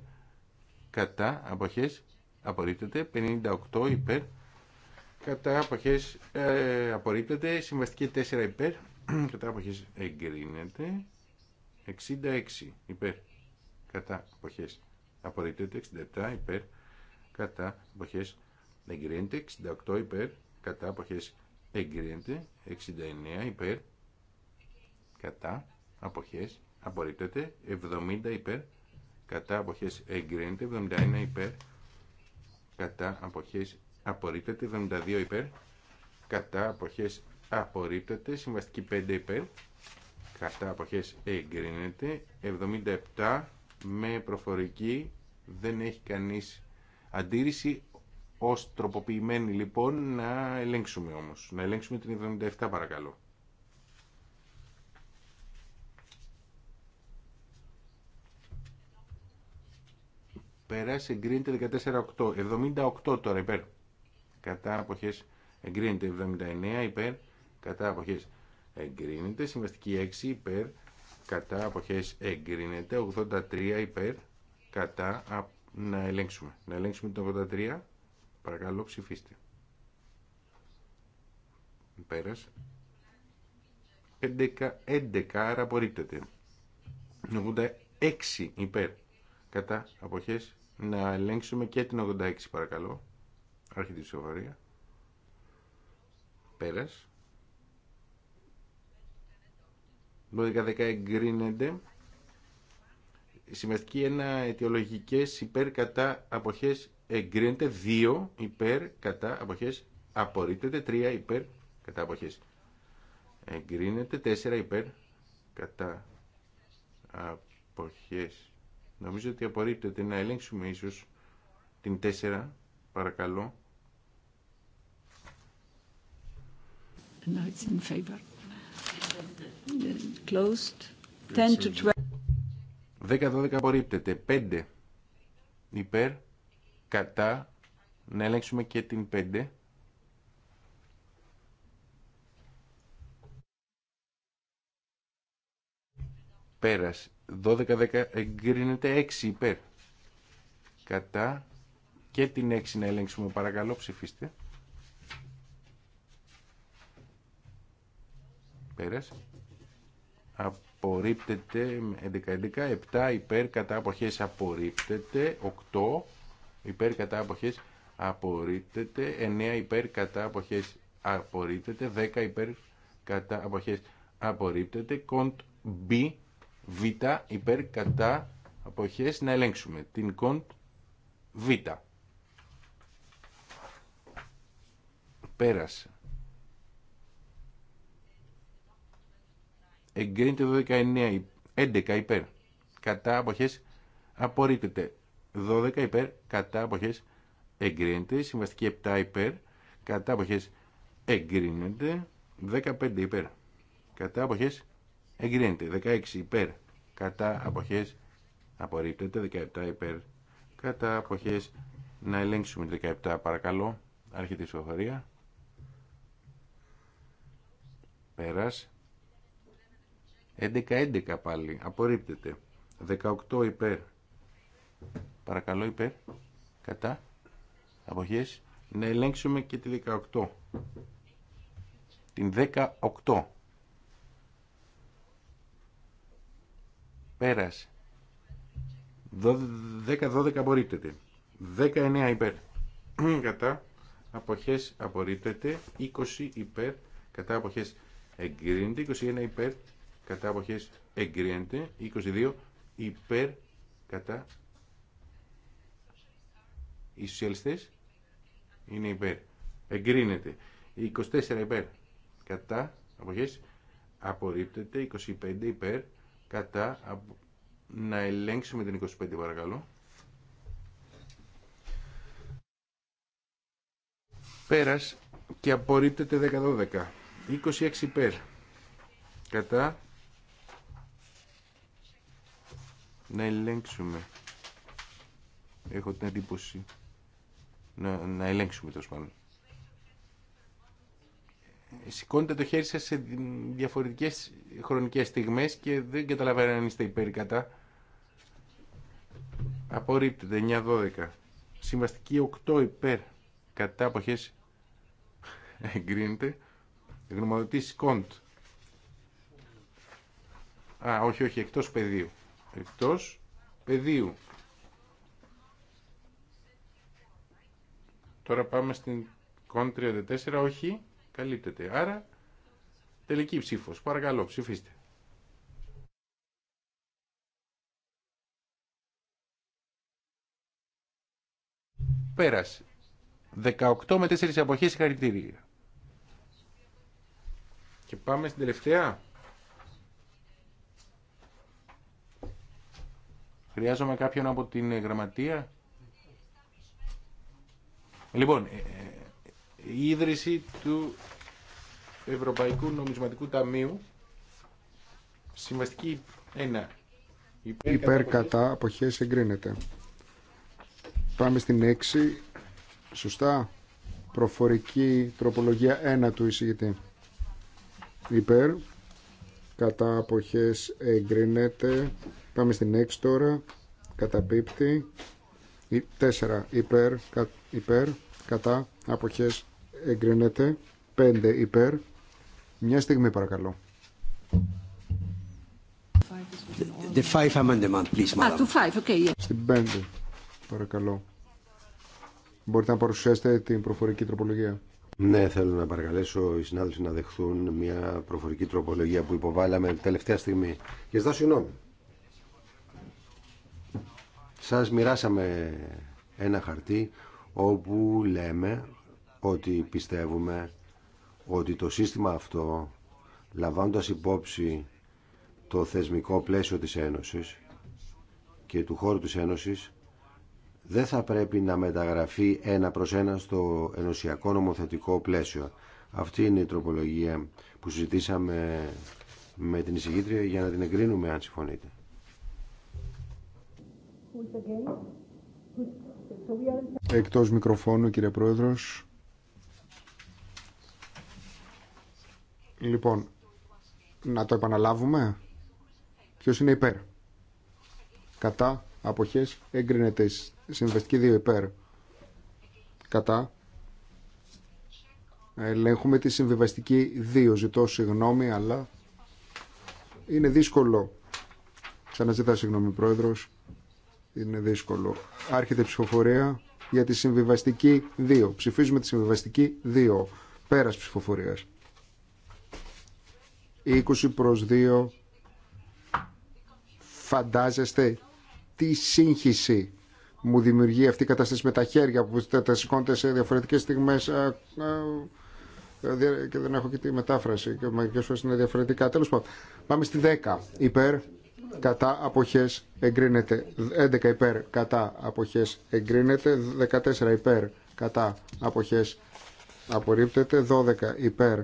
κατά αποχές απορρίπτεται, 58 υπέρ, κατά αποχές ε, απορρίπτεται, συμβαστική 4 υπέρ, κατά αποχές εγκρίνεται, 66 υπέρ, κατά αποχές απορρίπτεται, 67 υπέρ, κατά αποχές εγκρίνεται, 68 υπέρ, κατά αποχές εγκρίνεται 69 υπέρ κατά αποχές απορρίπτεται 70 υπέρ κατά αποχές εγκρίνεται 71 υπέρ κατά αποχές απορρίπτεται 72 υπέρ κατά αποχές απορρίπτεται συμβαστική 5 υπέρ κατά αποχές εγκρίνεται 77 με προφορική δεν έχει κανείς αντίρρηση Ω τροποποιημένη λοιπόν να ελέγξουμε όμως. Να ελέγξουμε την 77 παρακαλώ. Περάσει εγκρίνεται 14-8. 78 τώρα υπέρ. Κατά αποχές εγκρίνεται 79 υπέρ. Κατά αποχές εγκρίνεται. Συμβαστική 6 υπέρ. Κατά αποχές εγκρίνεται. 83 υπέρ. Κατά να ελέγξουμε. Να ελέγξουμε την 83. Παρακαλώ ψηφίστε. Πέρας. 11, 11 άρα απορρίπτεται. 86 υπέρ. Κατά αποχές. Να ελέγξουμε και την 86 παρακαλώ. Άρχεται η ψηφοφορια Πέρα. Πέρας. 12-10 εγκρίνεται. Σημαντική 1 αιτιολογικές υπέρ κατά αποχές εγκρίνεται 2 υπέρ κατά αποχές απορρίπτεται 3 υπέρ κατά αποχές εγκρίνεται 4 υπέρ κατά αποχές νομίζω ότι απορρίπτεται να ελέγξουμε ίσως την 4 παρακαλώ 10 12. 10-12 απορρίπτεται. 5 υπέρ κατά, να ελέγξουμε και την 5. Πέρας, 12-10 εγκρίνεται 6 υπέρ. Κατά και την 6 να ελέγξουμε παρακαλώ ψηφίστε. Πέρας. Απορρίπτεται 11-11, 7 υπέρ κατά αποχές απορρίπτεται, 8 υπέρ κατά αποχές απορρίπτεται 9 υπέρ κατά αποχές απορρίπτεται 10 υπέρ κατά αποχές απορρίπτεται κοντ B β υπέρ κατά αποχές να ελέγξουμε την κοντ β πέρασε εγκρίνεται 12, 9, 11 υπέρ κατά αποχές απορρίπτεται 12 υπέρ κατά αποχές εγκρίνεται. Συμβαστική 7 υπέρ κατά αποχές εγκρίνεται. 15 υπέρ κατά αποχές εγκρίνεται. 16 υπέρ κατά αποχές απορρίπτεται. 17 υπέρ κατά αποχές να ελέγξουμε 17 παρακαλώ. Άρχεται η ψηφοφορία. Πέρας. 11-11 πάλι. Απορρίπτεται. 18 υπέρ Παρακαλώ υπέρ. Κατά. Αποχές. Να ελέγξουμε και τη 18. Την 18. Πέρασε. 10-12 απορρίπτεται. 19 υπέρ. Κατά. Αποχές απορρίπτεται. 20 υπέρ. Κατά αποχές εγκρίνεται. 21 υπέρ. Κατά αποχές εγκρίνεται. 22 υπέρ. Κατά οι σοσιαλιστές είναι υπέρ. Εγκρίνεται. 24 υπέρ. Κατά. Αποχές. Απορρίπτεται. 25 υπέρ. Κατά. Να ελέγξουμε την 25 παρακαλώ. Πέρας και απορριπτεται 10-12. 26 υπέρ. Κατά. Να ελέγξουμε. Έχω την εντύπωση να, να ελέγξουμε τόσο πάνω. Σηκώνετε το χέρι σας σε διαφορετικές χρονικές στιγμές και δεν καταλαβαίνω αν είστε υπέρ κατά. Απορρίπτεται 9-12. Συμβαστική 8 υπέρ κατά αποχές εγκρίνεται. Γνωμοδοτήσεις κοντ. Α, όχι, όχι, εκτός πεδίου. Εκτός πεδίου. Τώρα πάμε στην κον 34, όχι, καλύπτεται. Άρα, τελική ψήφος. Παρακαλώ, ψηφίστε. Πέρασε. 18 με 4 αποχές συγχαρητήρια. Και πάμε στην τελευταία. Χρειάζομαι κάποιον από την γραμματεία. Λοιπόν, ε, ε, η ίδρυση του Ευρωπαϊκού Νομισματικού Ταμείου συμβαστική 1. Υπέρ, κατά αποχές εγκρίνεται. Πάμε στην 6. Σωστά. Προφορική τροπολογία 1 του εισηγητή. Υπέρ. Κατά αποχές εγκρίνεται. Πάμε στην 6 τώρα. Καταπίπτει. 4. Υπέρ. Κατά υπέρ, κατά, αποχές, εγκρίνεται. Πέντε υπέρ. Μια στιγμή παρακαλώ. The five amendment, please, ah, to five, okay, Στην πέντε, παρακαλώ. Μπορείτε να παρουσιάσετε την προφορική τροπολογία. Ναι, θέλω να παρακαλέσω οι συνάδελφοι να δεχθούν μια προφορική τροπολογία που υποβάλαμε τελευταία στιγμή. Και ζητάω συγγνώμη. Σας μοιράσαμε ένα χαρτί όπου λέμε ότι πιστεύουμε ότι το σύστημα αυτό λαμβάνοντας υπόψη το θεσμικό πλαίσιο της Ένωσης και του χώρου της Ένωσης δεν θα πρέπει να μεταγραφεί ένα προς ένα στο ενωσιακό νομοθετικό πλαίσιο. Αυτή είναι η τροπολογία που συζητήσαμε με την εισηγήτρια για να την εγκρίνουμε αν συμφωνείτε. Εκτός μικροφώνου κύριε Πρόεδρος. Λοιπόν, να το επαναλάβουμε. Ποιος είναι υπέρ. Κατά αποχές εγκρίνεται συμβεστική 2 υπέρ. Κατά. Ελέγχουμε τη συμβιβαστική 2. Ζητώ συγγνώμη, αλλά είναι δύσκολο. Ξαναζητά συγγνώμη, Πρόεδρος. Είναι δύσκολο. Άρχεται η ψηφοφορία για τη συμβιβαστική 2. Ψηφίζουμε τη συμβιβαστική 2. Πέρας ψηφοφορίας. 20 προς 2. Φαντάζεστε τι σύγχυση μου δημιουργεί αυτή η κατάσταση με τα χέρια που τα σηκώνεται σε διαφορετικές στιγμές και δεν έχω και τη μετάφραση και μερικές φορές είναι διαφορετικά. Τέλος πάντων, πάμε στη 10. Υπέρ, κατά αποχές εγκρίνεται 11 υπέρ κατά αποχές εγκρίνεται 14 υπέρ κατά αποχές απορρίπτεται 12 υπέρ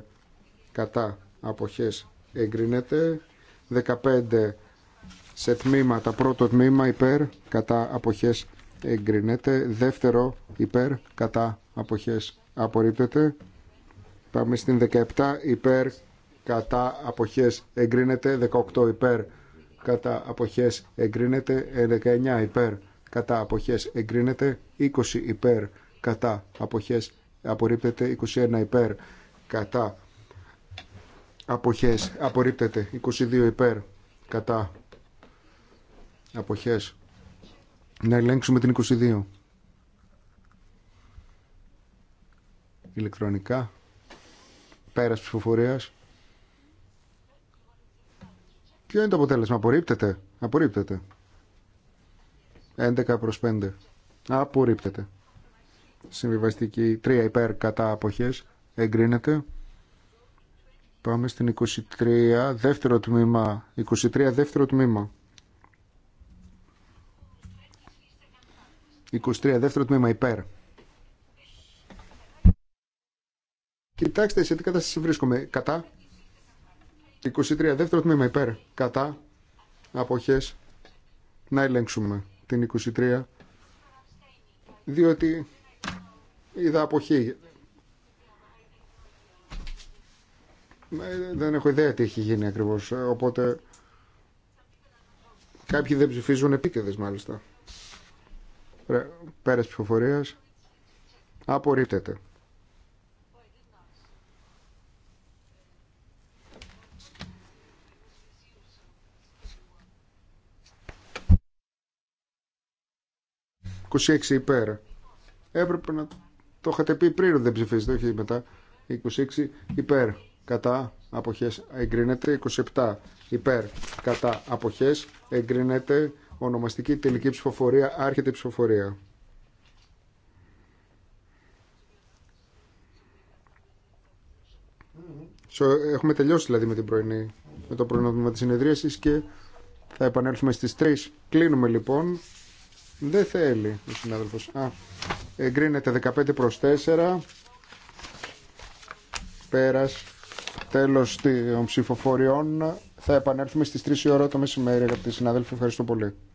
κατά αποχές εγκρίνεται 15 σε τμήματα πρώτο τμήμα υπέρ κατά αποχές εγκρίνεται δεύτερο υπέρ κατά αποχές απορρίπτεται πάμε στην 17 υπέρ κατά αποχές εγκρίνεται 18 υπέρ κατά αποχές εγκρίνεται 19 υπέρ κατά αποχές εγκρίνεται 20 υπέρ κατά αποχές απορρίπτεται 21 υπέρ κατά αποχές απορρίπτεται 22 υπέρ κατά αποχές να ελέγξουμε την 22 ηλεκτρονικά πέρας ψηφοφορίας Ποιο είναι το αποτέλεσμα, απορρίπτεται. Απορρίπτεται. 11 προς 5. Απορρίπτεται. Συμβιβαστική 3 υπέρ κατά αποχές. Εγκρίνεται. Πάμε στην 23, δεύτερο τμήμα. 23, δεύτερο τμήμα. 23, δεύτερο τμήμα υπέρ. Κοιτάξτε σε τι κατάσταση βρίσκομαι. Κατά 23 δεύτερο τμήμα υπέρ κατά αποχές να ελέγξουμε την 23 διότι είδα αποχή ε, δεν έχω ιδέα τι έχει γίνει ακριβώς οπότε κάποιοι δεν ψηφίζουν επίκαιδες μάλιστα πέρας ψηφοφορίας απορρίπτεται 26 υπέρ. Έπρεπε να το είχατε πει πριν, δεν ψηφίζετε, όχι μετά. 26 υπέρ, κατά, αποχές, εγκρίνεται. 27 υπέρ, κατά, αποχές, εγκρίνεται. Ονομαστική τελική ψηφοφορία, άρχεται η ψηφοφορία. Έχουμε τελειώσει δηλαδή με, την πρωινή, με το πρωινό τμήμα της συνεδρίασης και θα επανέλθουμε στις 3. Κλείνουμε λοιπόν. Δεν θέλει ο συνάδελφος. Α, εγκρίνεται 15 προς 4. Πέρας. Τέλος των ψηφοφοριών. Θα επανέλθουμε στις 3 η ώρα το μεσημέρι, αγαπητοί συνάδελφοι. Ευχαριστώ πολύ.